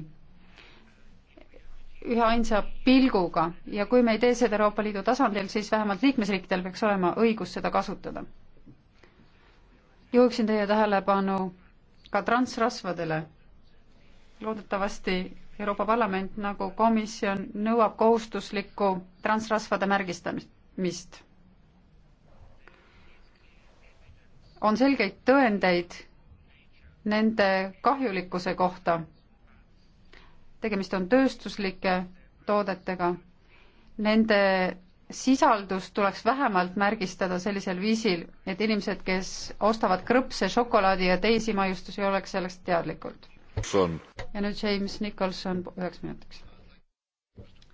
üheainsa pilguga ja kui me ei tee seda Euroopa Liidu tasandil, siis vähemalt liikmesriikidel peaks olema õigus seda kasutada. juhiksin teie tähelepanu ka transrasvadele. loodetavasti Euroopa Parlament nagu komisjon nõuab kohustuslikku transrasvade märgistamist. on selgeid tõendeid nende kahjulikkuse kohta tegemist on tööstuslike toodetega, nende sisaldust tuleks vähemalt märgistada sellisel viisil, et inimesed, kes ostavad krõpse, šokolaadi ja teisi maiustusi, oleks sellest teadlikud. ja nüüd James Nicholson üheks minutiks.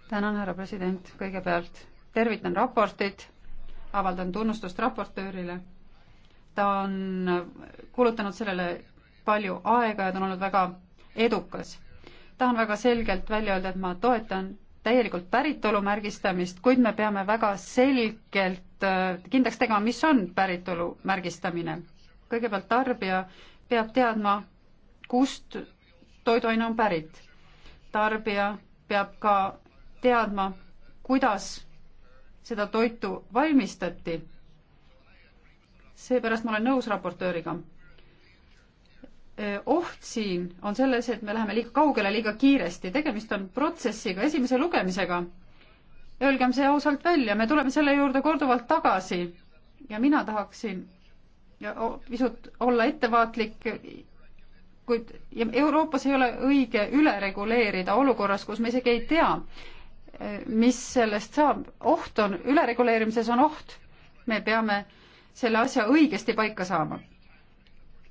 tänan, härra president, kõigepealt tervitan raportit, avaldan tunnustust raportöörile. ta on kulutanud sellele palju aega ja ta on olnud väga edukas tahan väga selgelt välja öelda, et ma toetan täielikult päritolu märgistamist, kuid me peame väga selgelt äh, kindlaks tegema, mis on päritolu märgistamine. kõigepealt tarbija peab teadma, kust toiduaine on pärit. tarbija peab ka teadma, kuidas seda toitu valmistati. seepärast ma olen nõus raportööriga oht siin on selles, et me läheme liiga kaugele liiga kiiresti, tegemist on protsessiga, esimese lugemisega. Öelgem see ausalt välja, me tuleme selle juurde korduvalt tagasi ja mina tahaksin ja pisut olla ettevaatlik, kuid Euroopas ei ole õige üle reguleerida olukorras, kus me isegi ei tea, mis sellest saab. oht on, ülereguleerimises on oht. me peame selle asja õigesti paika saama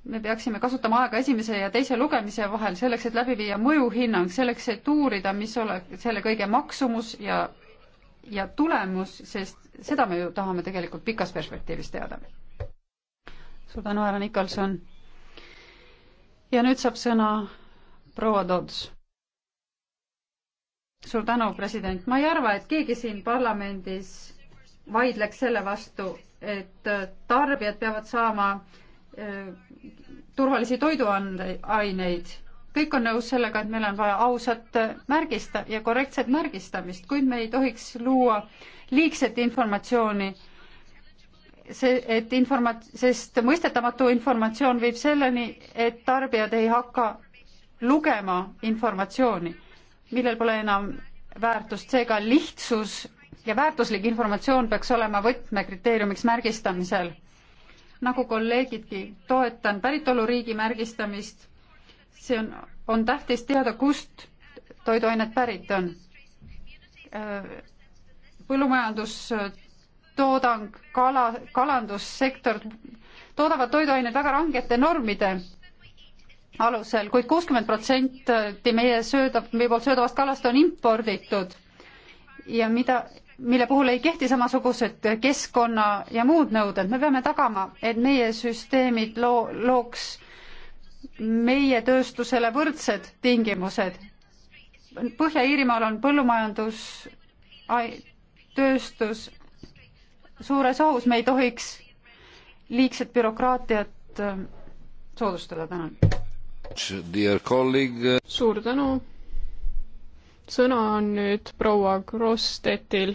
me peaksime kasutama aega esimese ja teise lugemise vahel selleks, et läbi viia mõjuhinnang, selleks, et uurida, mis oleks selle kõige maksumus ja, ja tulemus, sest seda me ju tahame tegelikult pikas perspektiivis teada. suur tänu, härra Nikolson. ja nüüd saab sõna proua Dodds. suur tänu, president. ma ei arva, et keegi siin parlamendis vaidleks selle vastu, et tarbijad peavad saama Äh, turvalisi toiduaineid. kõik on nõus sellega, et meil on vaja ausat märgista- ja korrektset märgistamist, kuid me ei tohiks luua liigset informatsiooni, see, et informa-, sest mõistetamatu informatsioon viib selleni, et tarbijad ei hakka lugema informatsiooni, millel pole enam väärtust, seega lihtsus ja väärtuslik informatsioon peaks olema võtmekriteeriumiks märgistamisel nagu kolleegidki, toetan päritoluriigi märgistamist. see on, on tähtis teada, kust toiduained pärit on. Äh, põllumajandustoodang, kala, kalandussektor toodavad toiduained väga rangete normide alusel kuid, kuid kuuskümmend protsenti meie sööda, meie poolt söödavast kalast on imporditud ja mida mille puhul ei kehti samasugused keskkonna ja muud nõuded. me peame tagama, et meie süsteemid loo-, looks meie tööstusele võrdsed tingimused. Põhja-Iirimaal on põllumajandus, tööstus suures ohus, me ei tohiks liigset bürokraatiat äh, soodustada, tänan. suur tänu sõna on nüüd proua Grosstetil.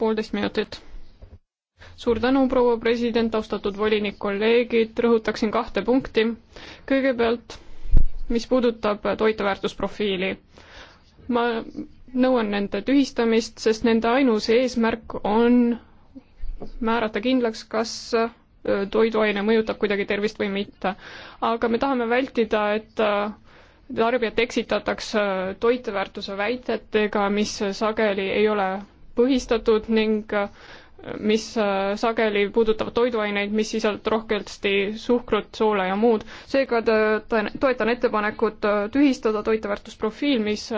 poolteist minutit. suur tänu, proua president, austatud volinik, kolleegid, rõhutaksin kahte punkti. kõigepealt, mis puudutab toiteväärtusprofiili. ma nõuan nende tühistamist, sest nende ainus eesmärk on määrata kindlaks, kas äh, toiduaine mõjutab kuidagi tervist või mitte. aga me tahame vältida, et äh, tarbijat eksitatakse äh, toiteväärtuse väidetega, mis sageli ei ole põhistatud ning äh, mis äh, sageli puudutavad toiduaineid, mis sisaldavad rohkesti suhkrut, soola ja muud. seega toetan ettepanekut tühistada toiteväärtusprofiil, mis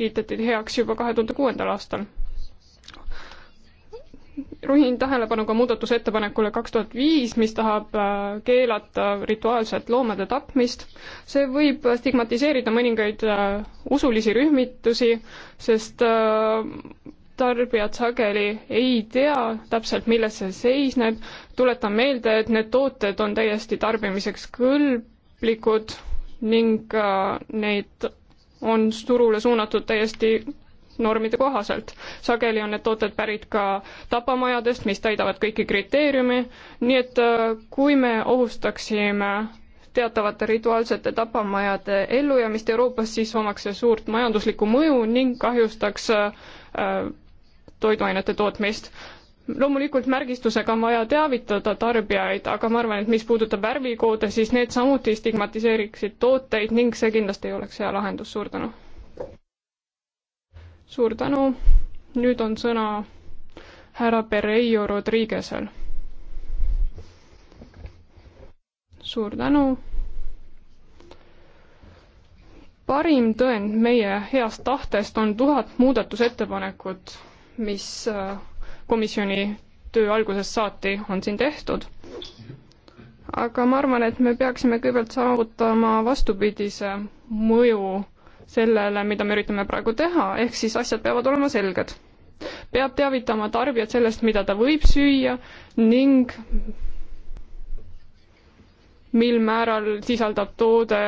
kiideti heaks juba kahe tuhande kuuendal aastal juhin tähelepanu ka muudatusettepanekule kaks tuhat viis, mis tahab äh, keelata rituaalset loomade tapmist. see võib stigmatiseerida mõningaid äh, usulisi rühmitusi, sest äh, tarbijad sageli ei tea täpselt, milles see seisneb. tuletan meelde, et need tooted on täiesti tarbimiseks kõlblikud ning neid on turule suunatud täiesti normide kohaselt. sageli on need tooted pärit ka tapamajadest, mis täidavad kõiki kriteeriumi, nii et äh, kui me ohustaksime teatavate rituaalsete tapamajade ellujäämist Euroopas, siis omaks see suurt majanduslikku mõju ning kahjustaks äh, toiduainete tootmist loomulikult märgistusega on vaja teavitada tarbijaid, aga ma arvan, et mis puudutab värvikoode, siis need samuti stigmatiseeriksid tooteid ning see kindlasti ei oleks hea lahendus, suur tänu suur tänu, nüüd on sõna härra Pereio Rodriguez'el. suur tänu. parim tõend meie heast tahtest on tuhat muudatusettepanekut, mis äh, komisjoni töö algusest saati on siin tehtud. aga ma arvan, et me peaksime kõigepealt saavutama vastupidise mõju sellele, mida me üritame praegu teha, ehk siis asjad peavad olema selged. peab teavitama tarbijat sellest, mida ta võib süüa ning mil määral sisaldab toode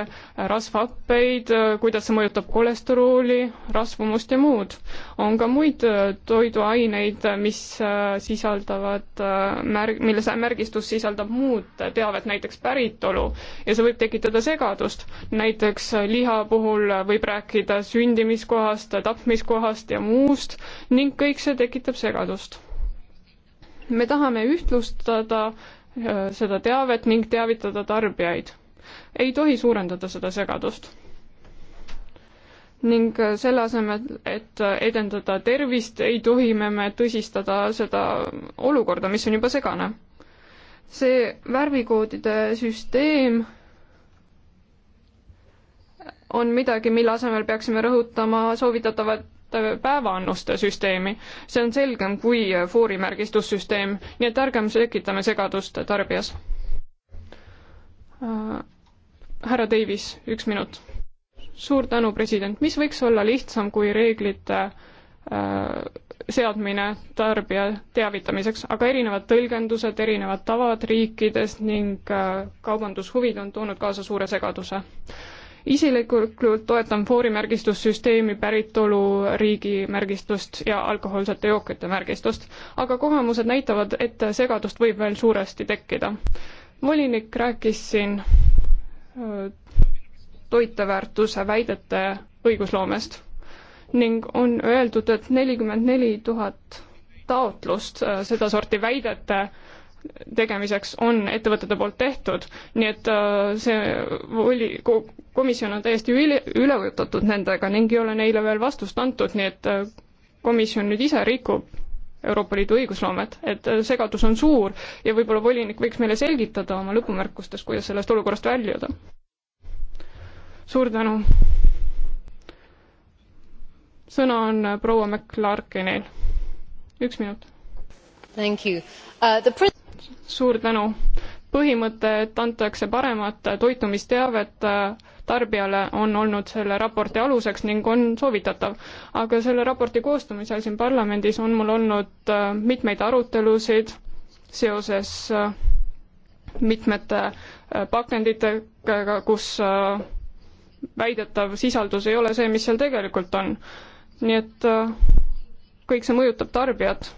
rasvhappeid, kuidas see mõjutab kolesterooli, rasvumust ja muud. on ka muid äh, toiduaineid, äh, mis äh, sisaldavad märg-, milles märgistus sisaldab muud teavet, näiteks päritolu, ja see võib tekitada segadust. näiteks liha puhul võib rääkida sündimiskohast, tapmiskohast ja muust ning kõik see tekitab segadust me tahame ühtlustada Äh, seda teavet ning teavitada tarbijaid. ei tohi suurendada seda segadust. ning äh, selle asemel, et äh, edendada tervist, ei tohi me, me tõsistada seda olukorda, mis on juba segane. see värvikoodide süsteem on midagi, mille asemel peaksime rõhutama soovitatavat Äh, päevaannuste süsteemi. see on selgem kui äh, foorimärgistussüsteem, nii et ärgem tekitame segadust tarbijas. Äh, härra Davis, üks minut. suur tänu, president. mis võiks olla lihtsam kui reeglite seadmine tarbija teavitamiseks, aga erinevad tõlgendused, erinevad tavad riikides ning kaubandushuvid on toonud kaasa suure segaduse isiklikult toetan foorimärgistussüsteemi päritoluriigi märgistust ja alkohoolsete jookide märgistust, aga kogemused näitavad, et segadust võib veel suuresti tekkida. volinik rääkis siin äh, toiteväärtuse väidete õigusloomest ning on öeldud, et nelikümmend neli tuhat taotlust äh, sedasorti väidete tegemiseks on ettevõtete poolt tehtud, nii et äh, see voli, komisjon on täiesti üle, ülevõtatud nendega ning ei ole neile veel vastust antud, nii et äh, komisjon nüüd ise rikub Euroopa Liidu õigusloomet, et äh, segadus on suur ja võib-olla volinik võiks meile selgitada oma lõpumärkustes, kuidas sellest olukorrast väljuda. suur tänu. sõna on äh, proua McClarkinil. üks minut. Thank you uh,. The suur tänu. põhimõte, et antakse paremat toitumisteavet uh, tarbijale on olnud selle raporti aluseks ning on soovitatav. aga selle raporti koostamisel siin parlamendis on mul olnud äh, mitmeid arutelusid seoses äh, mitmete äh, pakenditega, kus väidetav sisaldus ei ole see, mis seal tegelikult on. nii et kõik see mõjutab tarbijat.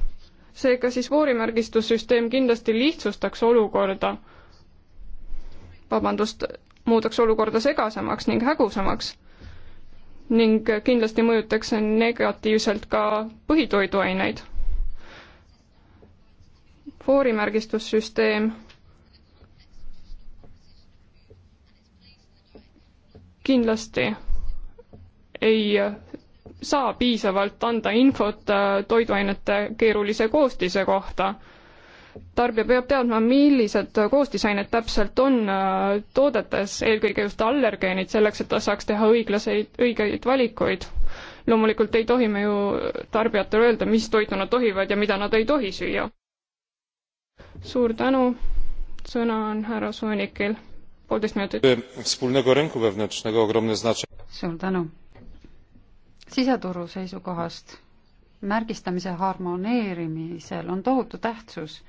seega siis voorimärgistussüsteem kindlasti lihtsustaks olukorda, vabandust, muudaks olukorda segasemaks ning hägusamaks ning kindlasti mõjutaks see negatiivselt ka põhitoiduaineid. foorimärgistussüsteem kindlasti ei saa piisavalt anda infot toiduainete keerulise koostise kohta tarbija peab teadma, millised koostisained täpselt on äh, toodetes, eelkõige just allergeenid, selleks et ta saaks teha õiglaseid, õigeid valikuid. loomulikult ei tohi me ju tarbijatele öelda, mis toitu nad tohivad ja mida nad ei tohi süüa. suur tänu, sõna on härra Soonikil, poolteist minutit. suur tänu. siseturu seisukohast märgistamise harmoneerimisel on tohutu tähtsus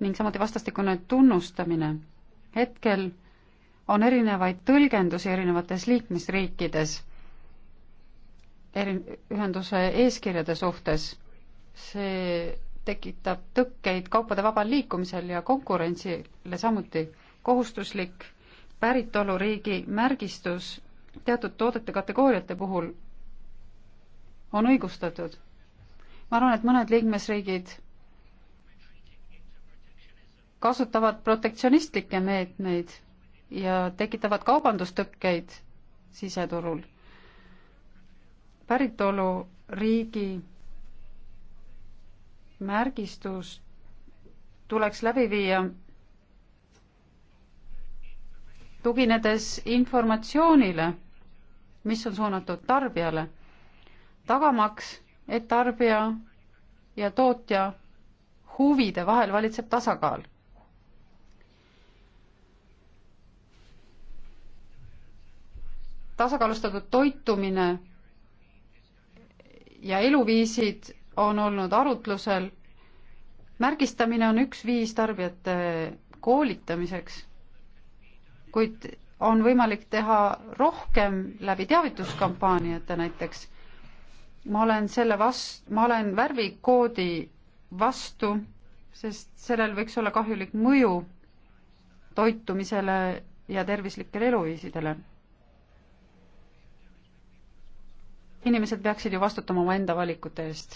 ning samuti vastastikune tunnustamine. hetkel on erinevaid tõlgendusi erinevates liikmesriikides eri, ühenduse eeskirjade suhtes. see tekitab tõkkeid kaupade vabal liikumisel ja konkurentsile samuti kohustuslik päritoluriigi märgistus teatud toodete kategooriate puhul on õigustatud. ma arvan, et mõned liikmesriigid kasutavad protektsionistlikke meetmeid ja tekitavad kaubandustõkkeid siseturul. päritoluriigi märgistus tuleks läbi viia tuginedes informatsioonile, mis on suunatud tarbijale, tagamaks, et tarbija ja tootja huvide vahel valitseb tasakaal tasakaalustatud toitumine ja eluviisid on olnud arutlusel. märgistamine on üks viis tarbijate koolitamiseks, kuid on võimalik teha rohkem läbi teavituskampaaniate näiteks. ma olen selle vastu, ma olen värvikoodi vastu, sest sellel võiks olla kahjulik mõju toitumisele ja tervislikele eluviisidele inimesed peaksid ju vastutama omaenda valikute eest.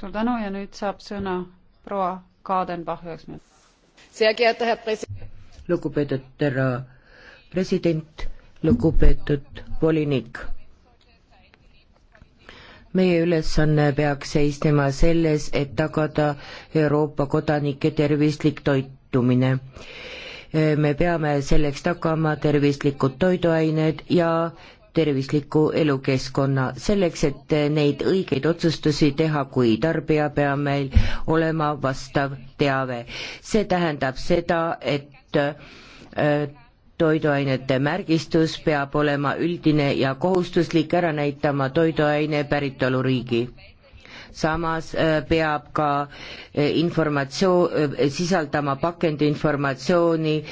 suur tänu ja nüüd saab sõna proua Kadenbach üheks minutiks. lugupeetud härra president, lugupeetud volinik meie ülesanne peaks seisnema selles, et tagada Euroopa kodanike tervislik toitumine. me peame selleks tagama tervislikud toiduained ja tervisliku elukeskkonna. selleks, et neid õigeid otsustusi teha kui tarbija, peab meil olema vastav teave. see tähendab seda, et äh, toiduainete märgistus peab olema üldine ja kohustuslik ära näitama toiduaine päritoluriigi samas äh, peab ka äh, informatsioon, sisaldama pakendi informatsiooni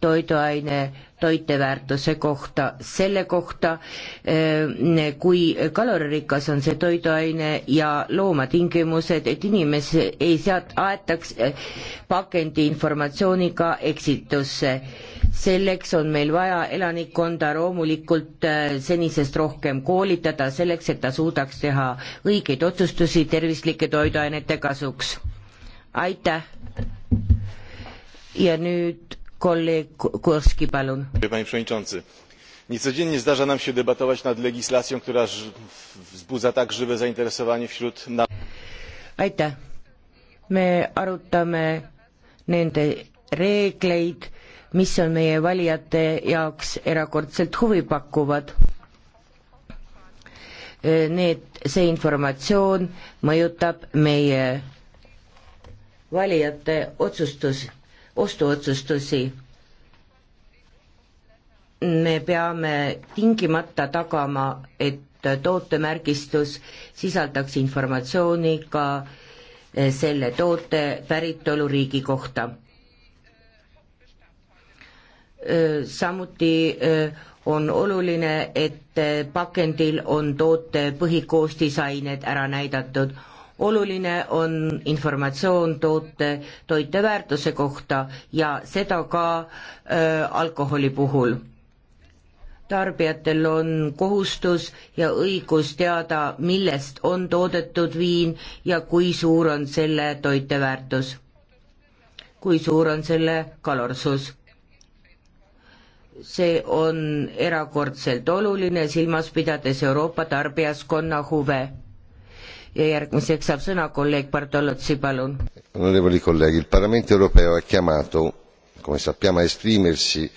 toiduaine toiteväärtuse kohta, selle kohta, eh, kui kaloririkas on see toiduaine ja loomatingimused, et inimese ei sealt aetaks eh, pakendi informatsiooniga eksitusse. selleks on meil vaja elanikkonda loomulikult eh, senisest rohkem koolitada, selleks et ta suudaks teha õigeid otsustusi tervislike toiduainete kasuks. aitäh! ja nüüd kolleeg Kurski, palun. panie przewodniczący! niecodziennie zdarza nam się debatować nad legislacją która wzbudza tak żywe zainteresowanie wśród aitäh me arutame nende reegleid mis on meie valijate jaoks erakordselt huvipakkuvad need see informatsioon mõjutab meie valijate otsustus ostuotsustusi. me peame tingimata tagama, et tootemärgistus sisaldaks informatsiooni ka eh, selle toote päritoluriigi kohta. samuti on oluline, et eh, pakendil on toote põhikoostisained ära näidatud oluline on informatsioon toote, toite väärtuse kohta ja seda ka äh, alkoholi puhul. tarbijatel on kohustus ja õigus teada, millest on toodetud viin ja kui suur on selle toite väärtus. kui suur on selle kalorsus see on erakordselt oluline, silmas pidades Euroopa tarbijaskonna huve ja järgmiseks saab sõna kolleeg Bartolozzi, palun. Onorevoli kolleegi, il Parlamento Europeo è chiamato, come sappiamo, a esprimersi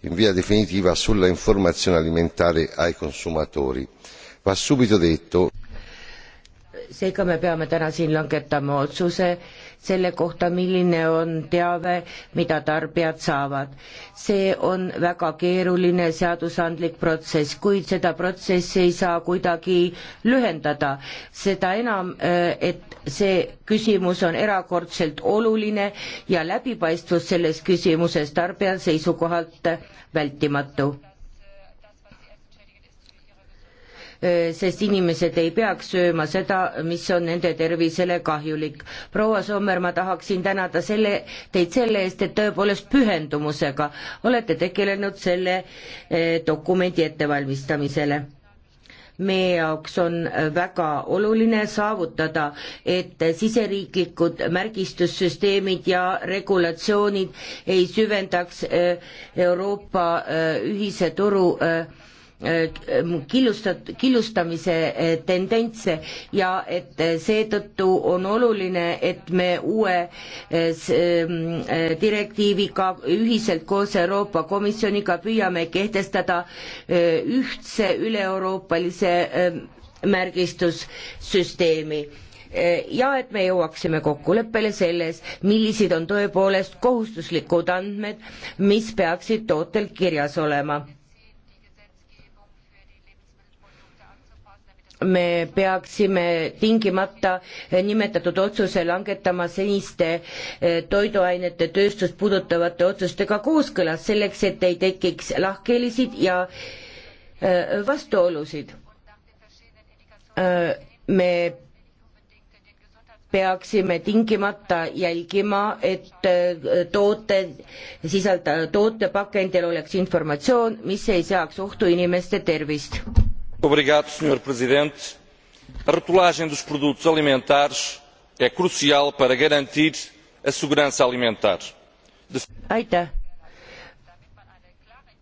in via definitiva sulla informazione alimentare ai consumatori. Va subito detto seega me peame täna siin langetama otsuse selle kohta, milline on teave, mida tarbijad saavad. see on väga keeruline seadusandlik protsess, kuid seda protsessi ei saa kuidagi lühendada, seda enam, äh, et see küsimus on erakordselt oluline ja läbipaistvus selles küsimuses tarbija seisukohalt vältimatu sest inimesed ei peaks sööma seda, mis on nende tervisele kahjulik. proua Sommer, ma tahaksin tänada selle, teid selle eest, et tõepoolest pühendumusega olete tegelenud selle eh, dokumendi ettevalmistamisele meie jaoks on väga oluline saavutada, et siseriiklikud märgistussüsteemid ja regulatsioonid ei süvendaks eh, Euroopa eh, ühise turu killustat-, killustamise eh, tendentse ja et eh, seetõttu on oluline, et me uue eh, ehm, direktiiviga ühiselt koos Euroopa Komisjoniga püüame kehtestada ühtse üle-euroopalise ehm, märgistussüsteemi ja et me jõuaksime kokkuleppele selles, millised on tõepoolest kohustuslikud andmed, mis peaksid tootel kirjas olema me peaksime tingimata nimetatud otsuse langetama seniste eh, toiduainete tööstust puudutavate otsustega kooskõlas, selleks et ei tekiks lahkhelisid ja eh, vastuolusid. Eh, me peaksime tingimata jälgima, et toote sisaldav, tootepakendil oleks informatsioon, mis ei seaks ohtu inimeste tervist senhor presidente a rotulagem dos produtos alimentares é crucial para garantir a segurança alimentar.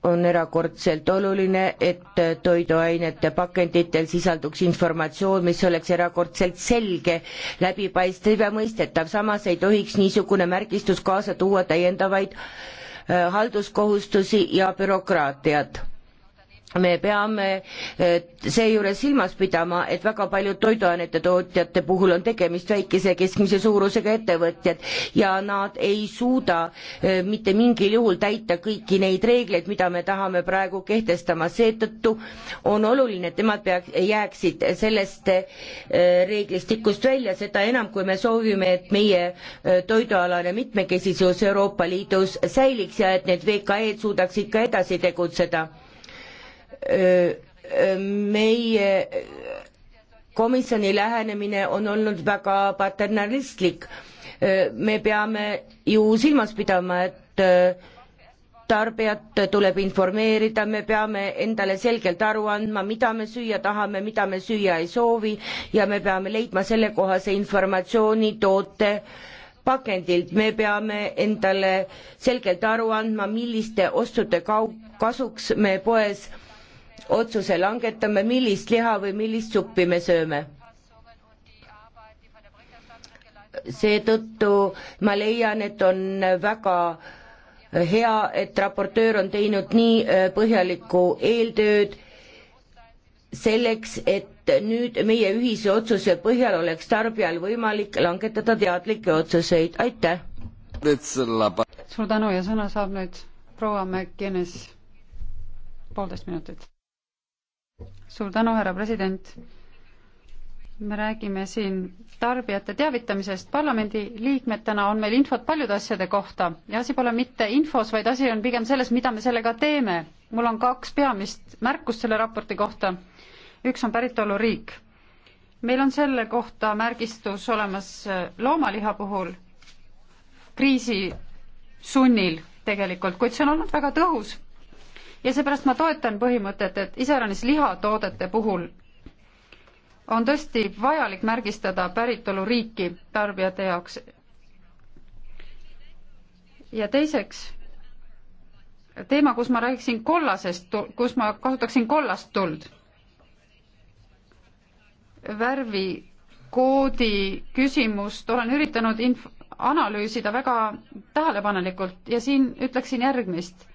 on erakordselt oluline et toiduainete pakenditel sisalduks informatsioon mis oleks erakordselt selge läbipaistev ja mõistetav samas ei tohiks niisugune märgistus kaasa tuua täiendavaid äh, halduskohustusi ja bürokraatiat me peame eh, seejuures silmas pidama, et väga paljud toiduainete tootjate puhul on tegemist väikese keskmise suurusega ettevõtjad ja nad ei suuda eh, mitte mingil juhul täita kõiki neid reegleid, mida me tahame praegu kehtestama, seetõttu on oluline, et nemad peaks, jääksid sellest eh, reeglistikust välja, seda enam, kui me soovime, et meie toidualane mitmekesisus Euroopa Liidus säiliks ja et need VKE-d suudaksid ka edasi tegutseda meie komisjoni lähenemine on olnud väga paternalistlik. me peame ju silmas pidama, et tarbijat tuleb informeerida, me peame endale selgelt aru andma, mida me süüa tahame, mida me süüa ei soovi ja me peame leidma sellekohase informatsiooni toote pakendilt, me peame endale selgelt aru andma, milliste ostude kau-, kasuks me poes äh, otsuse langetame, millist liha või millist suppi me sööme. seetõttu ma leian, et on väga hea, et raportöör on teinud nii äh, põhjalikku eeltööd selleks, et nüüd meie ühise otsuse põhjal oleks tarbijal võimalik langetada teadlikke otsuseid, aitäh! suur tänu ja sõna saab nüüd proua McGinnis, poolteist minutit suur tänu, härra president. me räägime siin tarbijate teavitamisest. parlamendi liikmetena on meil infot paljude asjade kohta ja asi pole mitte infos, vaid asi on pigem selles, mida me sellega teeme. mul on kaks peamist märkust selle raporti kohta. üks on päritoluriik. meil on selle kohta märgistus olemas äh, loomaliha puhul kriisi sunnil tegelikult, kuid see on olnud väga tõhus ja seepärast ma toetan põhimõtet, et iseäranis lihatoodete puhul on tõesti vajalik märgistada päritoluriiki tarbijate jaoks. ja teiseks, teema, kus ma räägiksin kollasest, kus ma kasutaksin kollast tuld, värvikoodi küsimust olen üritanud inf-, analüüsida väga tähelepanelikult ja siin ütleksin järgmist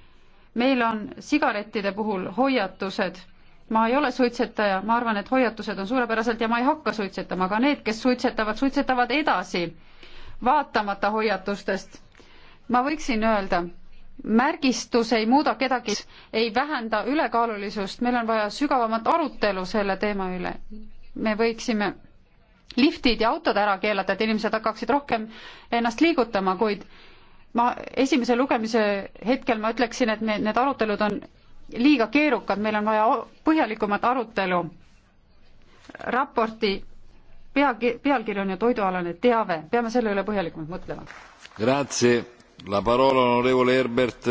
meil on sigarettide puhul hoiatused, ma ei ole suitsetaja, ma arvan, et hoiatused on suurepärased ja ma ei hakka suitsetama, aga need, kes suitsetavad, suitsetavad edasi, vaatamata hoiatustest. ma võiksin öelda, märgistus ei muuda kedagi, ei vähenda ülekaalulisust, meil on vaja sügavamat arutelu selle teema üle. me võiksime liftid ja autod ära keelata, et inimesed hakkaksid rohkem ennast liigutama, kuid ma esimese lugemise hetkel ma ütleksin, et me, need arutelud on liiga keerukad, meil on vaja põhjalikumat arutelu. raporti pea, pealkiri on ju toidualane teave, peame selle üle põhjalikumalt mõtlema. Grazie, la parola onorevole Herbert.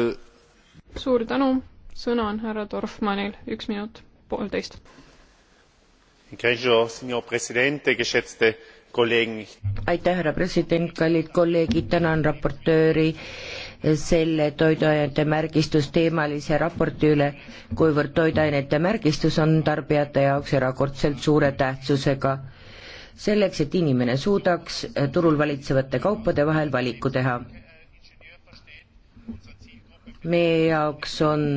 suur tänu, sõna on härra Dorfmannil, üks minut, poolteist. Signor Presidente, geschätzte aitäh, härra president, kallid kolleegid, tänan raportööri selle toiduainete märgistusteemalise raporti üle, kuivõrd toiduainete märgistus on tarbijate jaoks erakordselt suure tähtsusega. selleks, et inimene suudaks turul valitsevate kaupade vahel valiku teha. meie jaoks on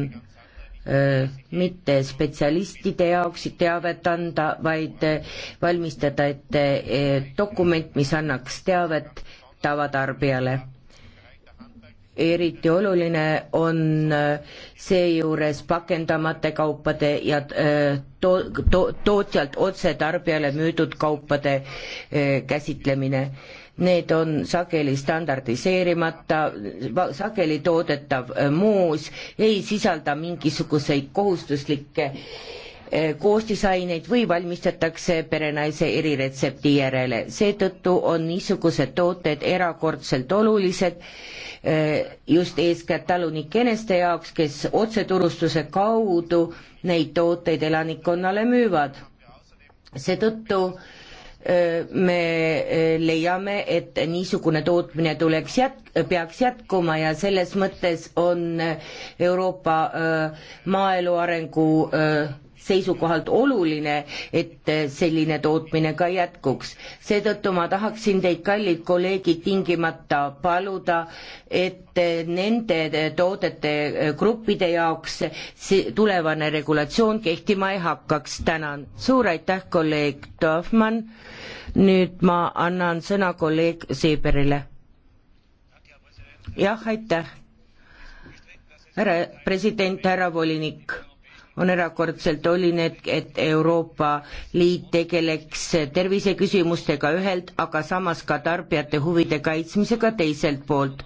mitte spetsialistide jaoks teavet anda, vaid valmistada ette dokument, mis annaks teavet tavatarbijale. eriti oluline on seejuures pakendamata kaupade ja to-, to-, tootjalt otse tarbijale müüdud kaupade käsitlemine need on sageli standardiseerimata, sageli toodetav äh, moos, ei sisalda mingisuguseid kohustuslikke äh, koostisaineid või valmistatakse perenaise eriretsepti järele. seetõttu on niisugused tooted erakordselt olulised äh, just eeskätt talunike eneste jaoks, kes otseturustuse kaudu neid tooteid elanikkonnale müüvad. seetõttu äh, me leiame, et niisugune tootmine tuleks jät-, peaks jätkuma ja selles mõttes on Euroopa maaelu arengu seisukohalt oluline, et selline tootmine ka jätkuks. seetõttu ma tahaksin teid, kallid kolleegid, tingimata paluda, et nende toodete gruppide jaoks tulevane regulatsioon kehtima ei hakkaks. tänan. suur aitäh, kolleeg Dorfmann. nüüd ma annan sõna kolleeg Seeberile. jah, aitäh härra president, härra volinik on erakordselt oluline, et Euroopa Liit tegeleks terviseküsimustega ühelt, aga samas ka tarbijate huvide kaitsmisega teiselt poolt.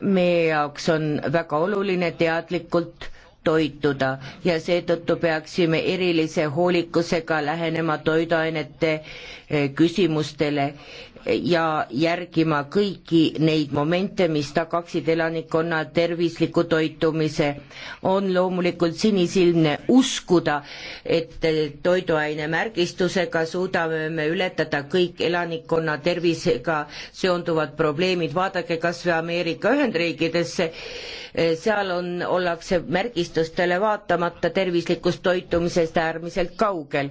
meie jaoks on väga oluline teadlikult toituda ja seetõttu peaksime erilise hoolikusega lähenema toiduainete eh, küsimustele ja järgima kõiki neid momente, mis tagaksid elanikkonna tervisliku toitumise. on loomulikult sinisilmne uskuda, et toiduaine märgistusega suudame me ületada kõik elanikkonna tervisega seonduvad probleemid, vaadake kas või Ameerika Ühendriikidesse, seal on, ollakse märgistustele vaatamata tervislikust toitumisest äärmiselt kaugel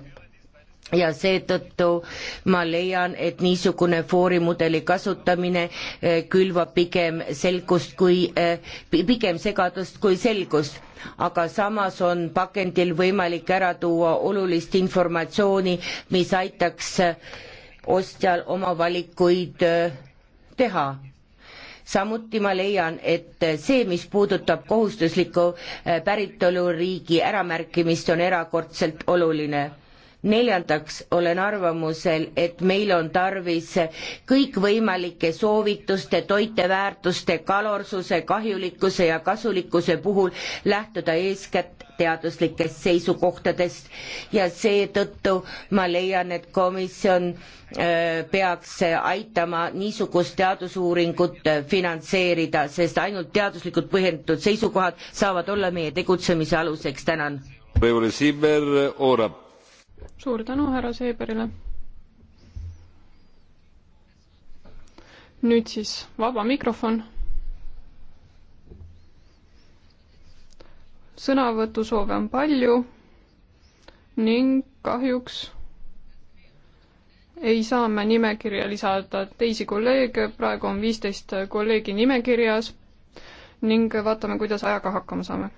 ja seetõttu ma leian, et niisugune foorumudeli kasutamine eh, külvab pigem selgust kui, eh, pigem segadust kui selgust. aga samas on pakendil võimalik ära tuua olulist informatsiooni, mis aitaks eh, ostjal oma valikuid teha samuti ma leian, et see, mis puudutab kohustusliku päritoluriigi äramärkimist, on erakordselt oluline neljandaks olen arvamusel, et meil on tarvis kõikvõimalike soovituste, toiteväärtuste, kalorsuse, kahjulikkuse ja kasulikkuse puhul lähtuda eeskätt teaduslikest seisukohtadest ja seetõttu ma leian, et komisjon äh, peaks aitama niisugust teadusuuringut äh, finantseerida, sest ainult teaduslikult põhjendatud seisukohad saavad olla meie tegutsemise aluseks, tänan. Siber, suur tänu härra Seeberile. nüüd siis vaba mikrofon. sõnavõtusoove on palju ning kahjuks ei saa me nimekirja lisada teisi kolleege, praegu on viisteist kolleegi nimekirjas ning vaatame, kuidas ajaga hakkama saame.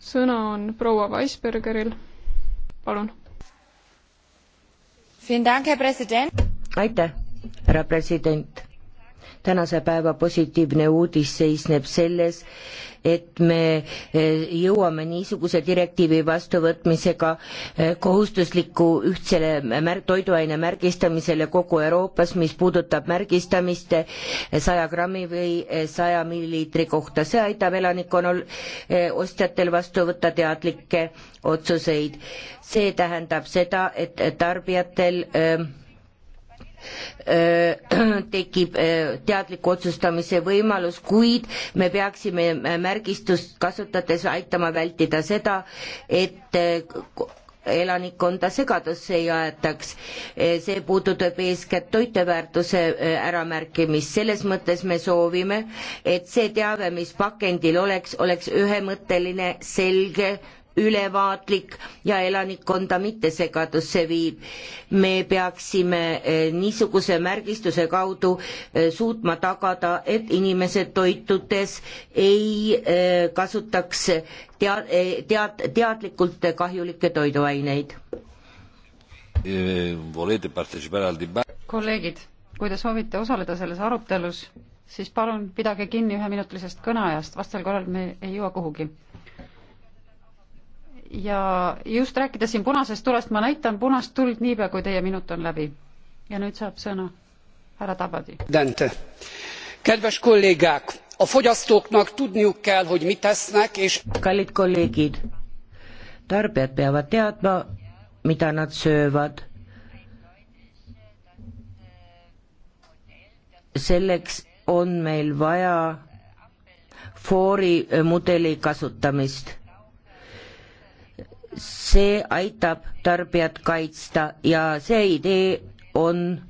sõna on proua Weisbergeril palun. aitäh, härra president tänase päeva positiivne uudis seisneb selles, et me e, jõuame niisuguse direktiivi vastuvõtmisega e, kohustusliku ühtsele märk, toiduaine märgistamisele kogu Euroopas, mis puudutab märgistamist e, saja grammi või saja milliliitri kohta. see aitab elanikkonnal, ostjatel vastu võtta teadlikke otsuseid. see tähendab seda, et tarbijatel öö, Äh, tekib äh, teadliku otsustamise võimalus, kuid me peaksime märgistust kasutades aitama vältida seda, et äh, elanikkonda segadusse ei aetaks. see puudutab eeskätt toiteväärtuse äramärkimist, selles mõttes me soovime, et see teave, mis pakendil oleks, oleks ühemõtteline, selge ülevaatlik ja elanikkonda mitte segadusse viib. me peaksime eh, niisuguse märgistuse kaudu eh, suutma tagada, et inimesed toitudes ei eh, kasutaks tead-, tead-, teadlikult kahjulikke toiduaineid. kolleegid, kui te soovite osaleda selles arutelus, siis palun pidage kinni üheminutilisest kõneajast, vastasel korral me ei jõua kuhugi ja just rääkides siin punasest tulest, ma näitan punast tuld niipea, kui teie minut on läbi. ja nüüd saab sõna härra Tabadi. Kedves kollégák, a fogyasztóknak tudniuk kell, hogy mit tesznek és kallid kolleegid, tarbijad peavad teadma, mida nad söövad. selleks on meil vaja foori mudeli kasutamist see aitab tarbijat kaitsta ja see idee on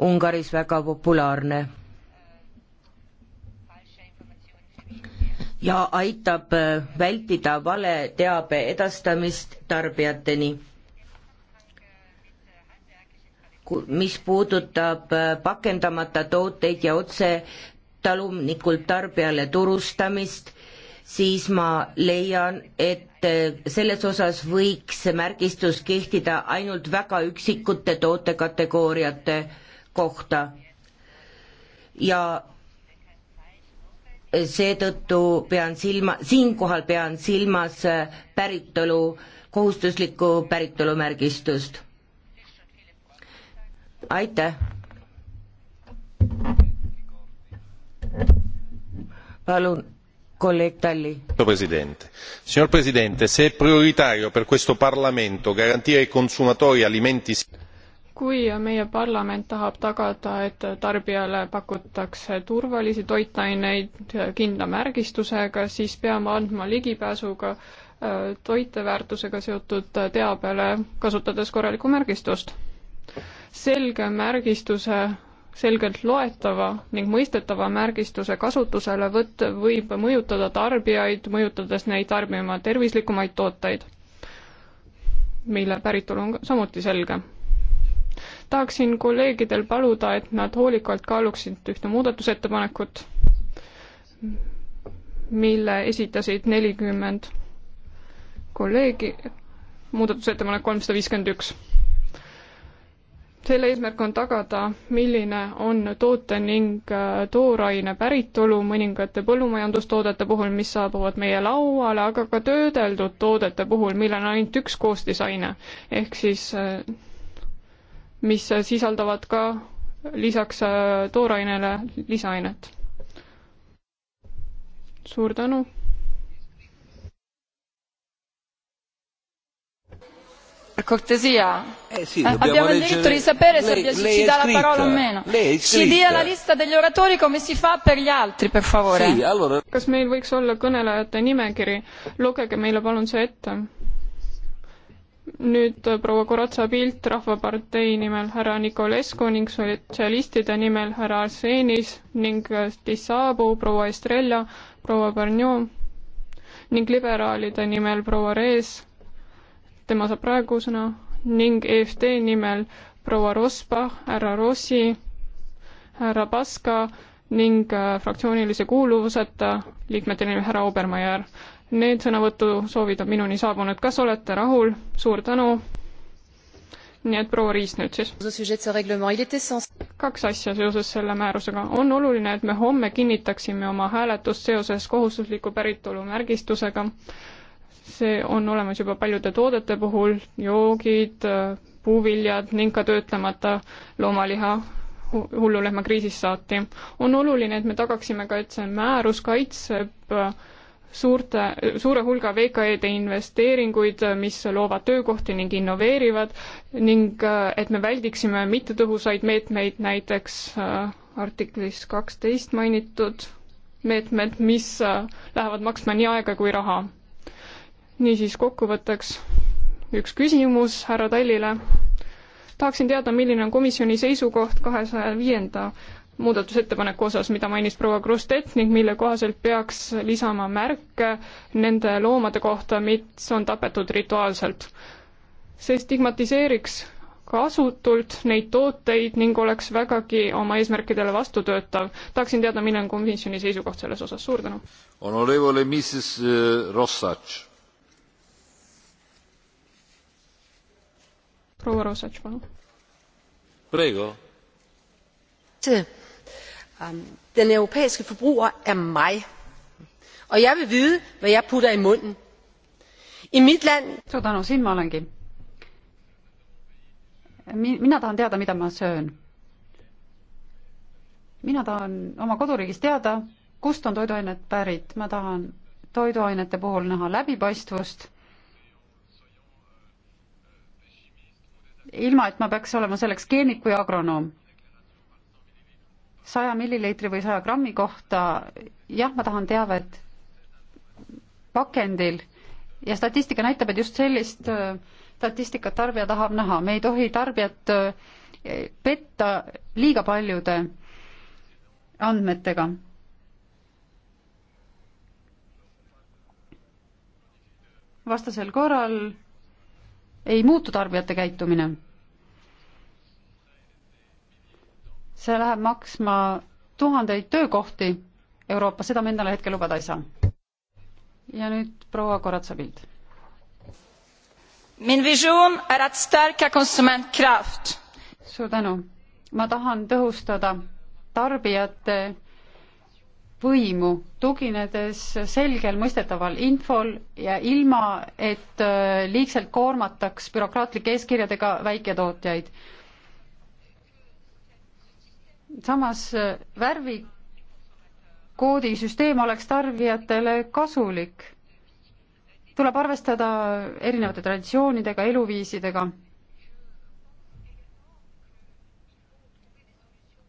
Ungaris väga populaarne. ja aitab äh, vältida valeteabe edastamist tarbijateni. mis puudutab äh, pakendamata tooteid ja otse talumnikult tarbijale turustamist, siis ma leian, et et äh, selles osas võiks märgistus kehtida ainult väga üksikute tootekategooriate kohta. ja seetõttu pean silma, siinkohal pean silmas äh, päritolu, kohustuslikku päritolumärgistust. aitäh. palun signor presidente se è prioritario per questo parlamento garantire ai consumatori alimenti. kui meie parlament tahab tagada et tarbijale pakutakse turvalisi toitaineid kindla märgistusega siis peame andma ligipääsu ka äh, toiteväärtusega seotud teabele kasutades korralikku märgistust. selge märgistuse selgelt loetava ning mõistetava märgistuse kasutuselevõtt võib mõjutada tarbijaid, mõjutades neid tarbima tervislikumaid tooteid, mille päritolu on samuti selge. tahaksin kolleegidel paluda, et nad hoolikalt kaaluksid ühte muudatusettepanekut, mille esitasid nelikümmend kolleegi, muudatusettepanek kolmsada viiskümmend üks selle eesmärk on tagada, milline on toote ning äh, tooraine päritolu mõningate põllumajandustoodete puhul, mis saabuvad meie lauale, aga ka töödeldud toodete puhul, millel on ainult üks koostisaine. ehk siis äh, mis sisaldavad ka lisaks äh, toorainele lisainet. suur tänu! per cortesia eh sì, eh, abbiamo leggere... il diritto di sapere lei, se lei ci dà scritta, la parola o meno ci dia la lista degli oratori come si fa per gli altri per favore sì, allora... kas meil võiks olla kõnelejate nimekiri lugege meile palun see ette nüüd äh, proua Koratsa Pilt Rahvapartei nimel härra Nikolescu ning sotsialistide nimel härra Arsenis ning äh, Tissabu proua Estrella proua Barnio ning liberaalide nimel proua Rees tema saab praegu sõna, ning EFD nimel proua Rospa, härra Rossi, härra Paska ning äh, fraktsioonilise kuuluvuseta liikmete nimi härra Obermeier. Need sõnavõtusoovid on minuni saabunud, kas olete rahul, suur tänu. nii et proua Riis nüüd siis. kaks asja seoses selle määrusega. on oluline, et me homme kinnitaksime oma hääletust seoses kohustusliku päritolumärgistusega see on olemas juba paljude toodete puhul, joogid, puuviljad ning ka töötlemata loomaliha hullulehma kriisist saati. on oluline, et me tagaksime ka, et see määrus kaitseb suurte, suure hulga VKE-de investeeringuid, mis loovad töökohti ning innoveerivad ning et me väldiksime mittetõhusaid meetmeid, näiteks artiklis kaksteist mainitud meetmed, mis lähevad maksma nii aega kui raha niisiis kokkuvõtteks üks küsimus härra Tallile. tahaksin teada, milline on komisjoni seisukoht kahesaja viienda muudatusettepaneku osas, mida mainis proua Krustet ning mille kohaselt peaks lisama märke nende loomade kohta, mis on tapetud rituaalselt. see stigmatiseeriks kasutult neid tooteid ning oleks vägagi oma eesmärkidele vastutöötav. tahaksin teada, milline on komisjoni seisukoht selles osas, suur tänu. Honorevole Mrs eh, Rossatš proua Roosatš, palun. Prego. Um, den europæiske forbruger er mig, og jeg vil vide, hvad jeg putter i munden. I mit land... suur tänu, siin ma olengi. mina tahan teada, mida ma söön. mina tahan oma koduriigis teada, kust on toiduained pärit, ma tahan toiduainete puhul näha läbipaistvust ilma et ma peaks olema selleks keemik või agronoom. saja milliliitri või saja grammi kohta, jah, ma tahan teavet pakendil ja statistika näitab, et just sellist äh, statistikat tarbija tahab näha, me ei tohi tarbijat äh, petta liiga paljude andmetega. vastasel korral ei muutu tarbijate käitumine. see läheb maksma tuhandeid töökohti Euroopas, seda me endale hetkel lubada ei saa. ja nüüd proua Koratsa-Pild. suur tänu. ma tahan tõhustada tarbijate võimu, tuginedes selgel mõistetaval infol ja ilma, et äh, liigselt koormataks bürokraatlike eeskirjadega väiketootjaid. samas äh, värvikoodisüsteem oleks tarbijatele kasulik. tuleb arvestada erinevate traditsioonidega, eluviisidega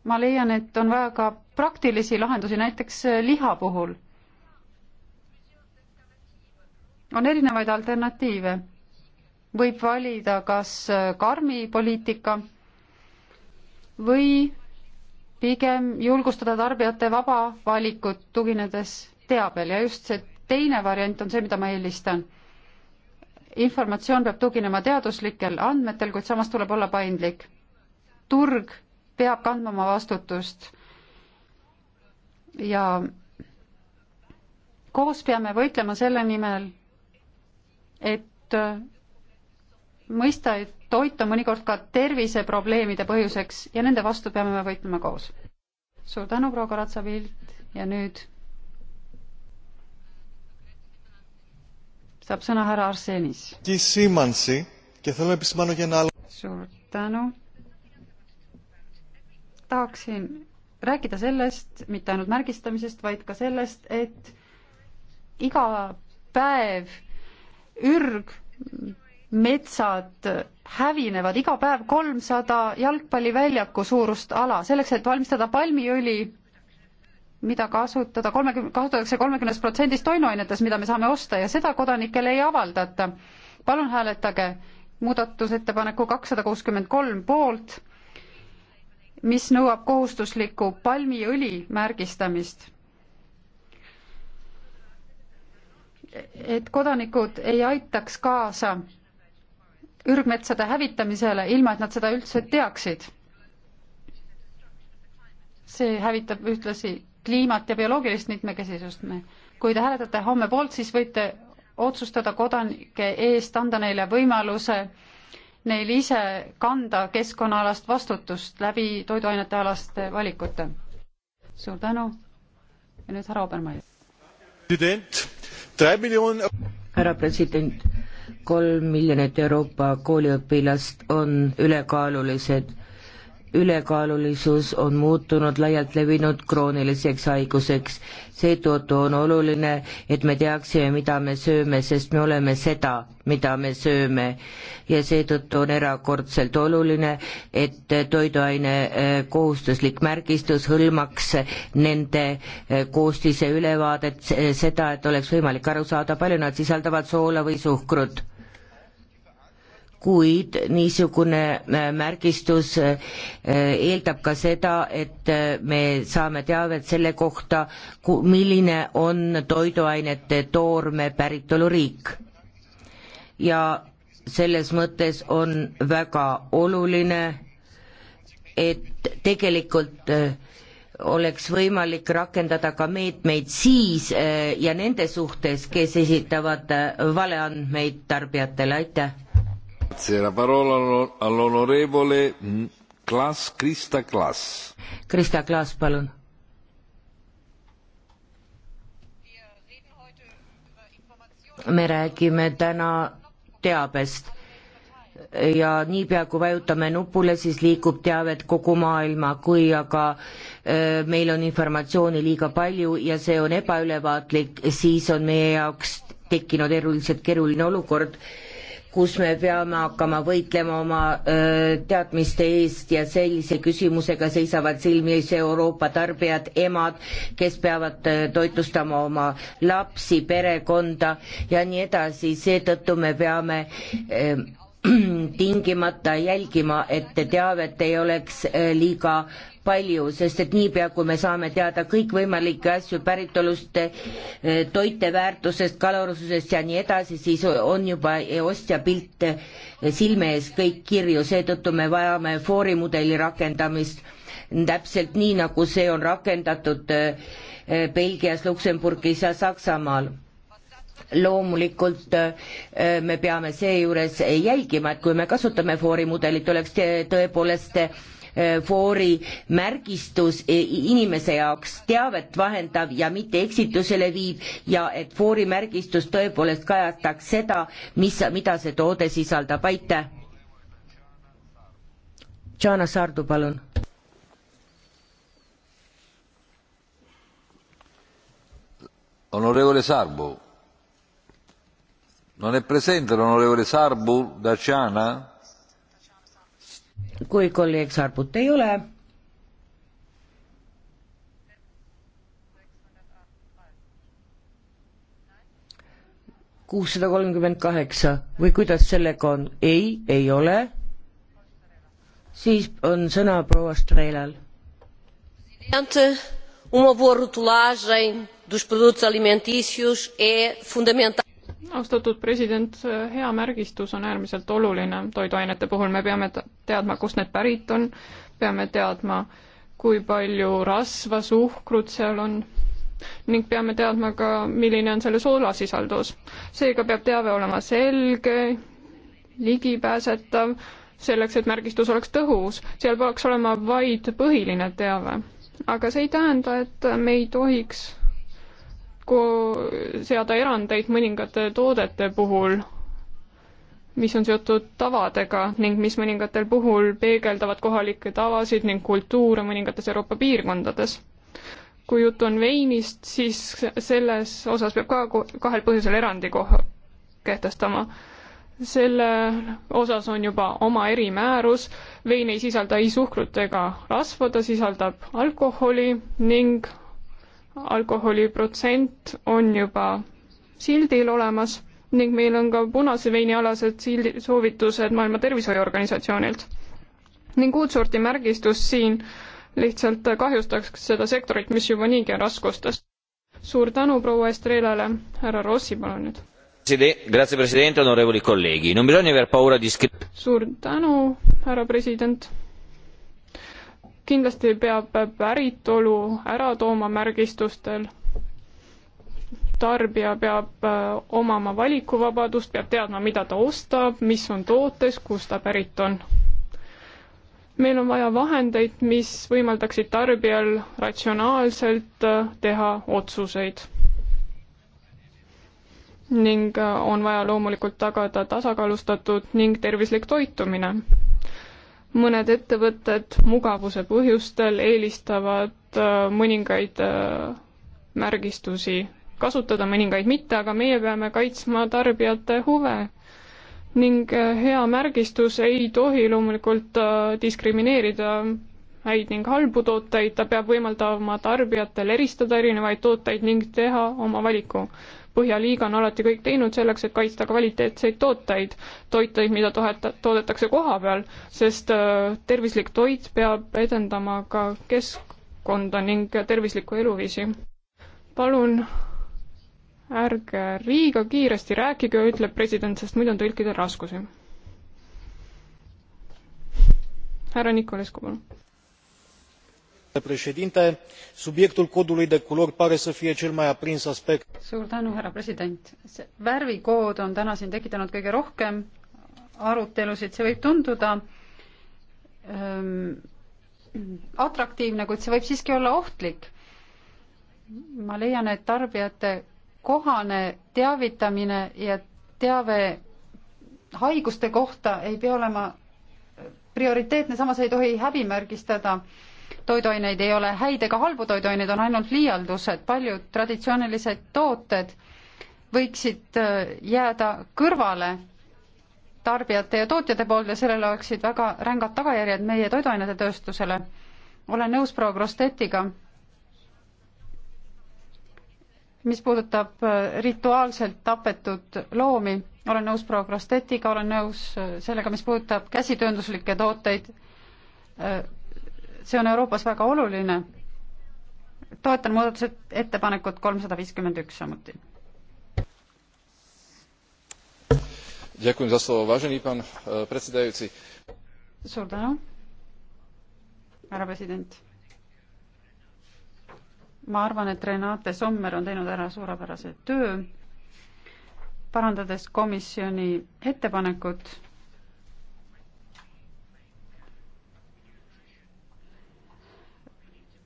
ma leian, et on vaja ka praktilisi lahendusi, näiteks äh, liha puhul. on erinevaid alternatiive. võib valida kas äh, karmi poliitika või pigem julgustada tarbijate vaba valikut, tuginedes teabel ja just see teine variant on see, mida ma eelistan. informatsioon peab tuginema teaduslikel andmetel, kuid samas tuleb olla paindlik. turg peab kandma oma vastutust ja koos peame võitlema selle nimel, et mõista, et toit on mõnikord ka terviseprobleemide põhjuseks ja nende vastu peame me võitlema koos. suur tänu, proua Karatsa-Pilt ja nüüd saab sõna härra Arsenis. suur tänu tahaksin rääkida sellest, mitte ainult märgistamisest, vaid ka sellest, et iga päev ürgmetsad hävinevad, iga päev kolmsada jalgpalliväljaku suurust ala, selleks et valmistada palmiõli, mida kasutada kolmekümne, kasutatakse kolmekümnes protsendis toiduainetes, mida me saame osta ja seda kodanikele ei avaldata. palun hääletage muudatusettepaneku kakssada kuuskümmend kolm poolt mis nõuab kohustuslikku palmiõli märgistamist. et kodanikud ei aitaks kaasa ürgmetsade hävitamisele, ilma et nad seda üldse teaksid. see hävitab ühtlasi kliimat ja bioloogilist mitmekesisust. kui te hääletate homme poolt, siis võite otsustada kodanike eest, anda neile võimaluse äh, neil ise kanda keskkonnaalast vastutust läbi toiduainetealaste valikute. suur tänu ja nüüd härra Obermaier. härra president, kolm miljonit Euroopa kooliõpilast on ülekaalulised ülekaalulisus on muutunud laialt levinud krooniliseks haiguseks. seetõttu on oluline, et me teaksime, mida me sööme, sest me oleme seda, mida me sööme. ja seetõttu on erakordselt oluline, et toiduaine eh, kohustuslik märgistus hõlmaks nende eh, koostise ülevaadet, seda, et oleks võimalik aru saada, palju nad sisaldavad soola või suhkrut kuid niisugune äh, märgistus äh, eeldab ka seda, et äh, me saame teavet selle kohta, milline on toiduainete toorme päritoluriik. ja selles mõttes on väga oluline, et tegelikult oleks võimalik rakendada ka meetmeid siis ja nende suhtes, kes esitavad valeandmeid tarbijatele, aitäh! La parola all'onorevole Klaas, Krista Klaas. Krista Klaas, palun. me räägime täna teabest ja niipea, kui vajutame nupule, siis liigub teavet kogu maailma, kui aga meil on informatsiooni liiga palju ja see on ebaülevaatlik, siis on meie jaoks tekkinud eluliselt keeruline olukord kus me peame hakkama võitlema oma öö, teadmiste eest ja sellise küsimusega seisavad silmi ees Euroopa tarbijad, emad, kes peavad öö, toitlustama oma lapsi, perekonda ja nii edasi, seetõttu me peame öö, tingimata jälgima, et teavet ei oleks liiga palju, sest et niipea, kui me saame teada kõikvõimalikke asju päritolust, eh, toite väärtusest, kalorsusest ja nii edasi, siis on juba ostja pilt eh, silme ees kõik kirju, seetõttu me vajame foorimudeli rakendamist täpselt nii, nagu see on rakendatud eh, Belgias, Luksemburgis ja Saksamaal loomulikult me peame seejuures jälgima, et kui me kasutame foorimudelit, oleks tõepoolest foori märgistus e, inimese jaoks teavet vahendav ja mitte eksitusele viiv ja et foori märgistus tõepoolest kajastaks seda, mis, mida see toode sisaldab, aitäh. Tšana Sardu, palun. Onorevole Sarbu, non è presente l'onorevole Sarbu da Ciana? kui kolleeg Sarput ei ole, kuussada kolmkümmend kaheksa või kuidas sellega on, ei, ei ole, siis on sõna proua Strelal. Uma boa rotulagem dos produtos alimentícios é fundamental austatud president, hea märgistus on äärmiselt oluline toiduainete puhul, me peame teadma, kust need pärit on, peame teadma, kui palju rasva, suhkrut seal on ning peame teadma ka, milline on selle soolasisaldus. seega peab teave olema selge, ligipääsetav, selleks, et märgistus oleks tõhus, seal peaks olema vaid põhiline teave. aga see ei tähenda, et me ei tohiks seada erandeid mõningate toodete puhul, mis on seotud tavadega ning mis mõningatel puhul peegeldavad kohalikke tavasid ning kultuure mõningates Euroopa piirkondades. kui jutt on veinist, siis selles osas peab ka kahel põhjusel erandi koha kehtestama. selle osas on juba oma erimäärus, vein ei sisalda ei suhkrut ega rasva, ta sisaldab alkoholi ning alkoholi protsent on juba sildil olemas ning meil on ka punase veini alased sildi, soovitused Maailma Tervishoiuorganisatsioonilt. ning uut sorti märgistus siin lihtsalt kahjustaks seda sektorit, mis juba niigi on raskustes. suur tänu proua Estrelale, härra Rossi, palun nüüd. Grazie presidente, onorevoli kolleegi, non bisogna aver paura di. suur tänu, härra president kindlasti peab päritolu ära tooma märgistustel, tarbija peab äh, omama valikuvabadust, peab teadma, mida ta ostab, mis on tootes, kust ta pärit on. meil on vaja vahendeid, mis võimaldaksid tarbijal ratsionaalselt äh, teha otsuseid. ning äh, on vaja loomulikult tagada tasakaalustatud ning tervislik toitumine mõned ettevõtted mugavuse põhjustel eelistavad äh, mõningaid äh, märgistusi kasutada, mõningaid mitte, aga meie peame kaitsma tarbijate huve. ning äh, hea märgistus ei tohi loomulikult diskrimineerida häid ning halbu tooteid, ta peab võimaldama tarbijatel eristada erinevaid tooteid ning teha oma valiku. Põhjaliiga on alati kõik teinud selleks, et kaitsta kvaliteetseid tooteid, toiteid, mida toheta, toodetakse koha peal, sest äh, tervislik toit peab edendama ka keskkonda ning tervislikku eluviisi. palun ärge liiga kiiresti rääkige, ütleb president, sest muidu on tõlkidel raskusi. härra Nikolescu, palun subiectul codului de culori pare să fie cel mai aprins aspect. värvikood on täna siin tekitanud kõige rohkem arutelusid see võib tunduda ähm, atraktiivne kuid see võib siiski olla ohtlik ma leian et tarbijate kohane teavitamine ja teave haiguste kohta ei pea olema prioriteetne samas ei tohi häbimärgistada äh, toiduaineid ei ole häid ega halbu toiduaineid, on ainult liialdused, paljud traditsioonilised tooted võiksid äh, jääda kõrvale tarbijate ja tootjate poolt ja sellel oleksid väga rängad tagajärjed meie toiduainete tööstusele. olen nõus proua Grostetiga, mis puudutab äh, rituaalselt tapetud loomi, olen nõus proua Grostetiga, olen nõus äh, sellega, mis puudutab käsitöönduslikke tooteid, see on Euroopas väga oluline. toetan muudatusettepanekut kolmsada viiskümmend üks samuti. Eh, suur tänu, härra president. ma arvan, et Renate Sommer on teinud ära suurepärase töö, parandades komisjoni ettepanekut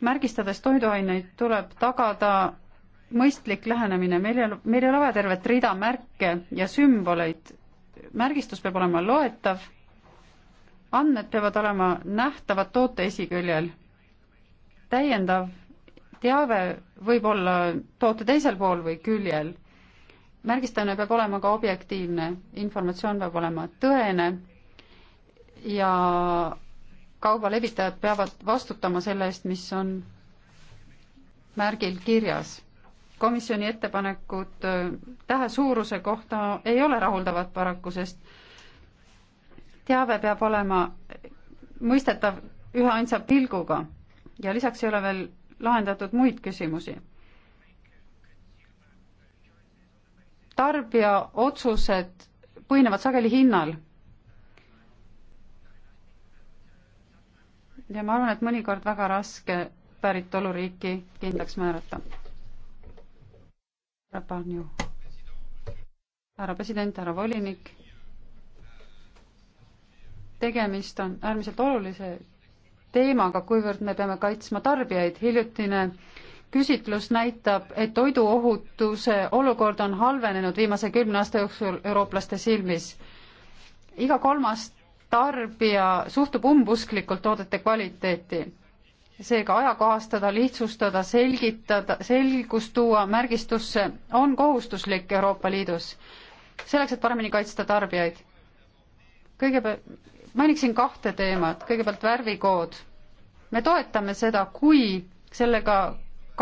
märgistades toiduaineid, tuleb tagada mõistlik lähenemine, meil ei ole, meil ei ole vaja tervet rida märke ja sümboleid, märgistus peab olema loetav, andmed peavad olema nähtavad toote esiküljel, täiendav teave võib olla toote teisel pool või küljel, märgistamine peab olema ka objektiivne, informatsioon peab olema tõene ja kauba levitajad peavad vastutama selle eest, mis on märgil kirjas. komisjoni ettepanekud äh, tähe suuruse kohta ei ole rahuldavad paraku, sest teave peab olema mõistetav üheainsa pilguga ja lisaks ei ole veel lahendatud muid küsimusi. tarbija otsused põhinevad sageli hinnal ja ma arvan, et mõnikord väga raske päritoluriiki kindlaks määrata. härra Parnju. härra president, härra volinik. tegemist on äärmiselt olulise teemaga, kuivõrd me peame kaitsma tarbijaid. hiljutine küsitlus näitab, et toiduohutuse olukord on halvenenud viimase kümne aasta jooksul eurooplaste silmis. iga kolmas tarbija suhtub umbusklikult toodete kvaliteeti. seega ajakohastada, lihtsustada, selgitada, selgust tuua märgistusse on kohustuslik Euroopa Liidus, selleks, et paremini kaitsta tarbijaid. kõigepealt mainiksin kahte teemat, kõigepealt värvikood. me toetame seda, kui sellega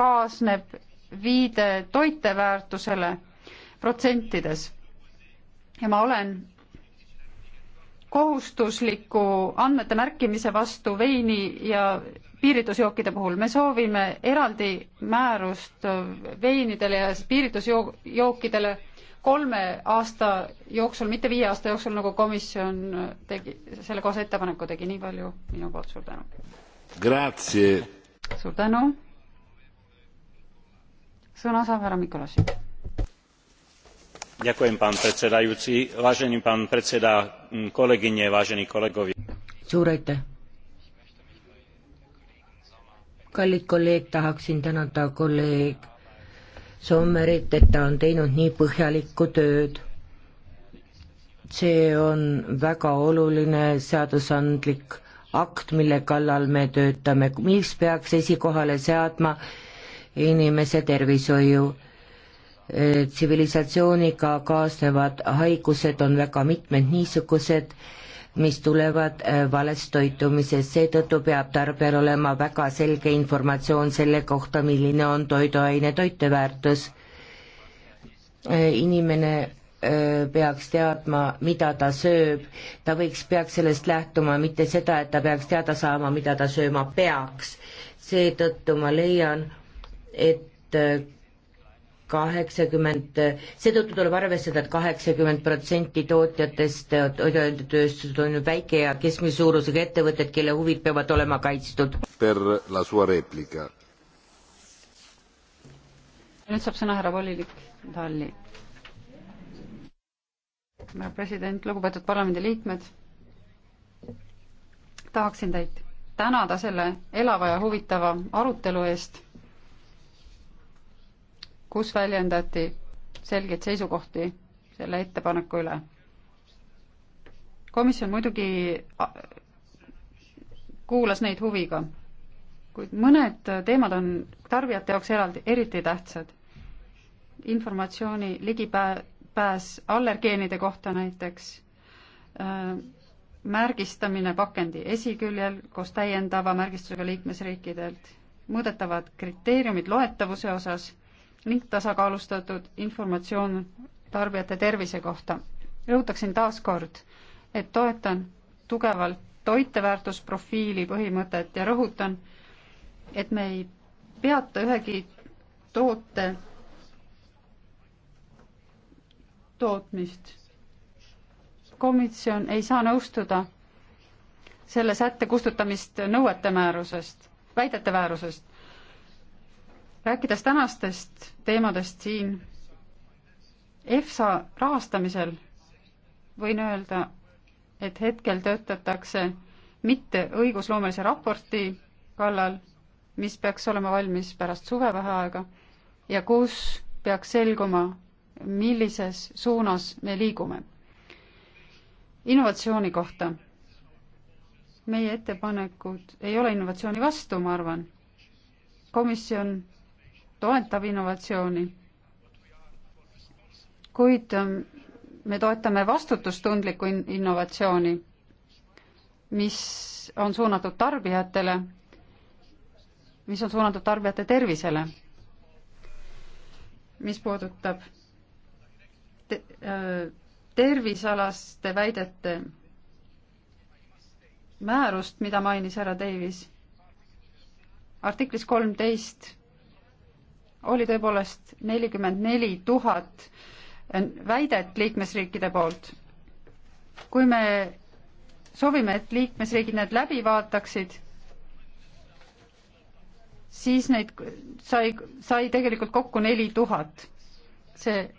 kaasneb viide toiteväärtusele protsentides. ja ma olen kohustusliku andmete märkimise vastu veini ja piiritusjookide puhul. me soovime eraldi määrust veinidele ja piiritusjookidele kolme aasta jooksul, mitte viie aasta jooksul, nagu komisjon tegi, selle koos ettepaneku tegi. nii palju minu poolt, suur tänu. suur tänu. sõna saab härra Mikolašik suur aitäh! kallis kolleeg, tahaksin tänada kolleeg Sommerit, et ta on teinud nii põhjalikku tööd. see on väga oluline seadusandlik akt, mille kallal me töötame, mis peaks esikohale seadma inimese tervishoiu Äh, tsivilisatsiooniga kaasnevad haigused on väga mitmed niisugused, mis tulevad äh, valest toitumisest, seetõttu peab tarbijal olema väga selge informatsioon selle kohta, milline on toiduaine toiteväärtus. Äh, inimene peaks teadma, mida ta sööb, ta võiks, peaks sellest lähtuma, mitte seda, et ta peaks teada saama, mida ta sööma peaks. seetõttu ma leian, et kaheksakümmend, seetõttu tuleb arvestada et, et kaheksakümmend protsenti tootjatest, toiduainetööstused on väike ja keskmise suurusega ettevõtted, kelle huvid peavad olema kaitstud. per la sua replica. nüüd saab sõna härra volinik Talli. härra president, lugupeetud parlamendiliikmed, tahaksin teid tänada selle elava ja huvitava arutelu eest kus väljendati selgeid seisukohti selle ettepaneku üle. komisjon muidugi kuulas neid huviga, kuid mõned teemad on tarbijate jaoks eraldi, eriti tähtsad. informatsiooni ligipääs allergeenide kohta näiteks, äh, märgistamine pakendi esiküljel koos täiendava märgistusega liikmesriikidelt, mõõdetavad kriteeriumid loetavuse osas ning tasakaalustatud informatsioon tarbijate tervise kohta. rõhutaksin taas kord, et toetan tugevalt toiteväärtusprofiili põhimõtet ja rõhutan, et me ei peata ühegi toote tootmist. komisjon ei saa nõustuda selle sätte kustutamist nõuete määrusest, väidete määrusest rääkides tänastest teemadest siin, EFSA rahastamisel võin öelda, et hetkel töötatakse mitte õigusloomelise raporti kallal, mis peaks olema valmis pärast suvevaheaega ja kus peaks selguma, millises suunas me liigume. innovatsiooni kohta. meie ettepanekud ei ole innovatsiooni vastu, ma arvan. komisjon toetab innovatsiooni, kuid ähm, me toetame vastutustundlikku in-, innovatsiooni, mis on suunatud tarbijatele, mis on suunatud tarbijate tervisele, mis puudutab te-, äh, tervisalaste väidete määrust, mida mainis härra Davis, artiklis kolmteist oli tõepoolest nelikümmend neli tuhat väidet liikmesriikide poolt. kui me soovime, et liikmesriigid need läbi vaataksid, siis neid sai, sai tegelikult kokku neli tuhat. see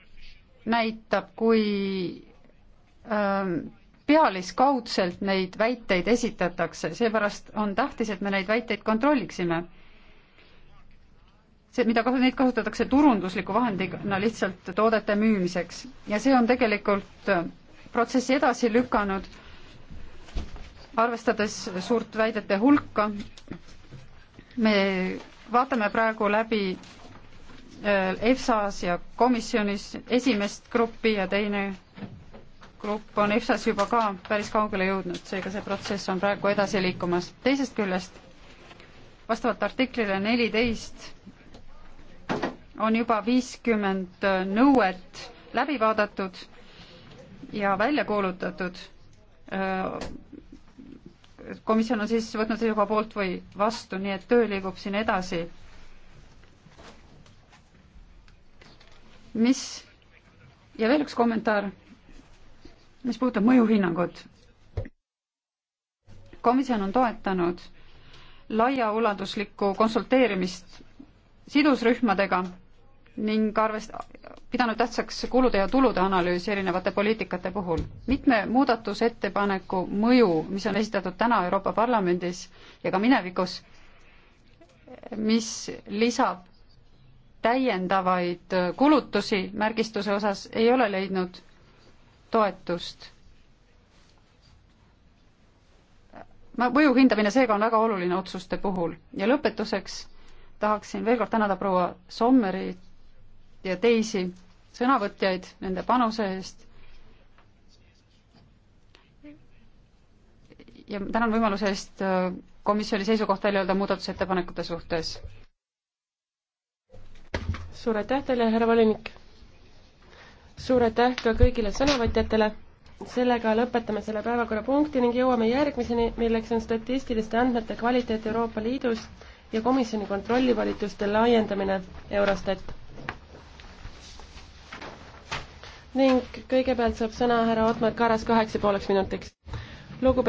näitab, kui ähm, pealiskaudselt neid väiteid esitatakse, seepärast on tähtis, et me neid väiteid kontrolliksime see, mida kasu-, neid kasutatakse turundusliku vahendina lihtsalt toodete müümiseks ja see on tegelikult äh, protsessi edasi lükanud, arvestades suurt väidete hulka. me vaatame praegu läbi äh, EFSA-s ja komisjonis esimest gruppi ja teine grupp on EFSA-s juba ka päris kaugele jõudnud, seega see protsess on praegu edasi liikumas. teisest küljest, vastavalt artiklile neliteist on juba viiskümmend nõuet läbi vaadatud ja välja kuulutatud. komisjon on siis võtnud juba poolt või vastu, nii et töö liigub siin edasi. mis ja veel üks kommentaar, mis puudutab mõjuhinnangut. komisjon on toetanud laiaulatuslikku konsulteerimist sidusrühmadega ning arvest-, pidanud tähtsaks kulude ja tulude analüüsi erinevate poliitikate puhul. mitme muudatusettepaneku mõju, mis on esitatud täna Euroopa Parlamendis ja ka minevikus, mis lisab täiendavaid kulutusi märgistuse osas, ei ole leidnud toetust. mõju hindamine seega on väga oluline otsuste puhul ja lõpetuseks tahaksin veel kord tänada proua Sommeri ja teisi sõnavõtjaid nende panuse eest. ja tänan võimaluse eest äh, komisjoni seisukoht välja öelda muudatusettepanekute suhtes. suur aitäh teile, härra volinik. suur aitäh ka kõigile sõnavõtjatele. sellega lõpetame selle päevakorrapunkti ning jõuame järgmiseni, milleks on statistiliste andmete kvaliteet Euroopa Liidus ja komisjoni kontrollivolituste laiendamine Eurostat. ning kõigepealt saab sõna härra Otmar Karas kaheks ja pooleks minutiks. lugupeetud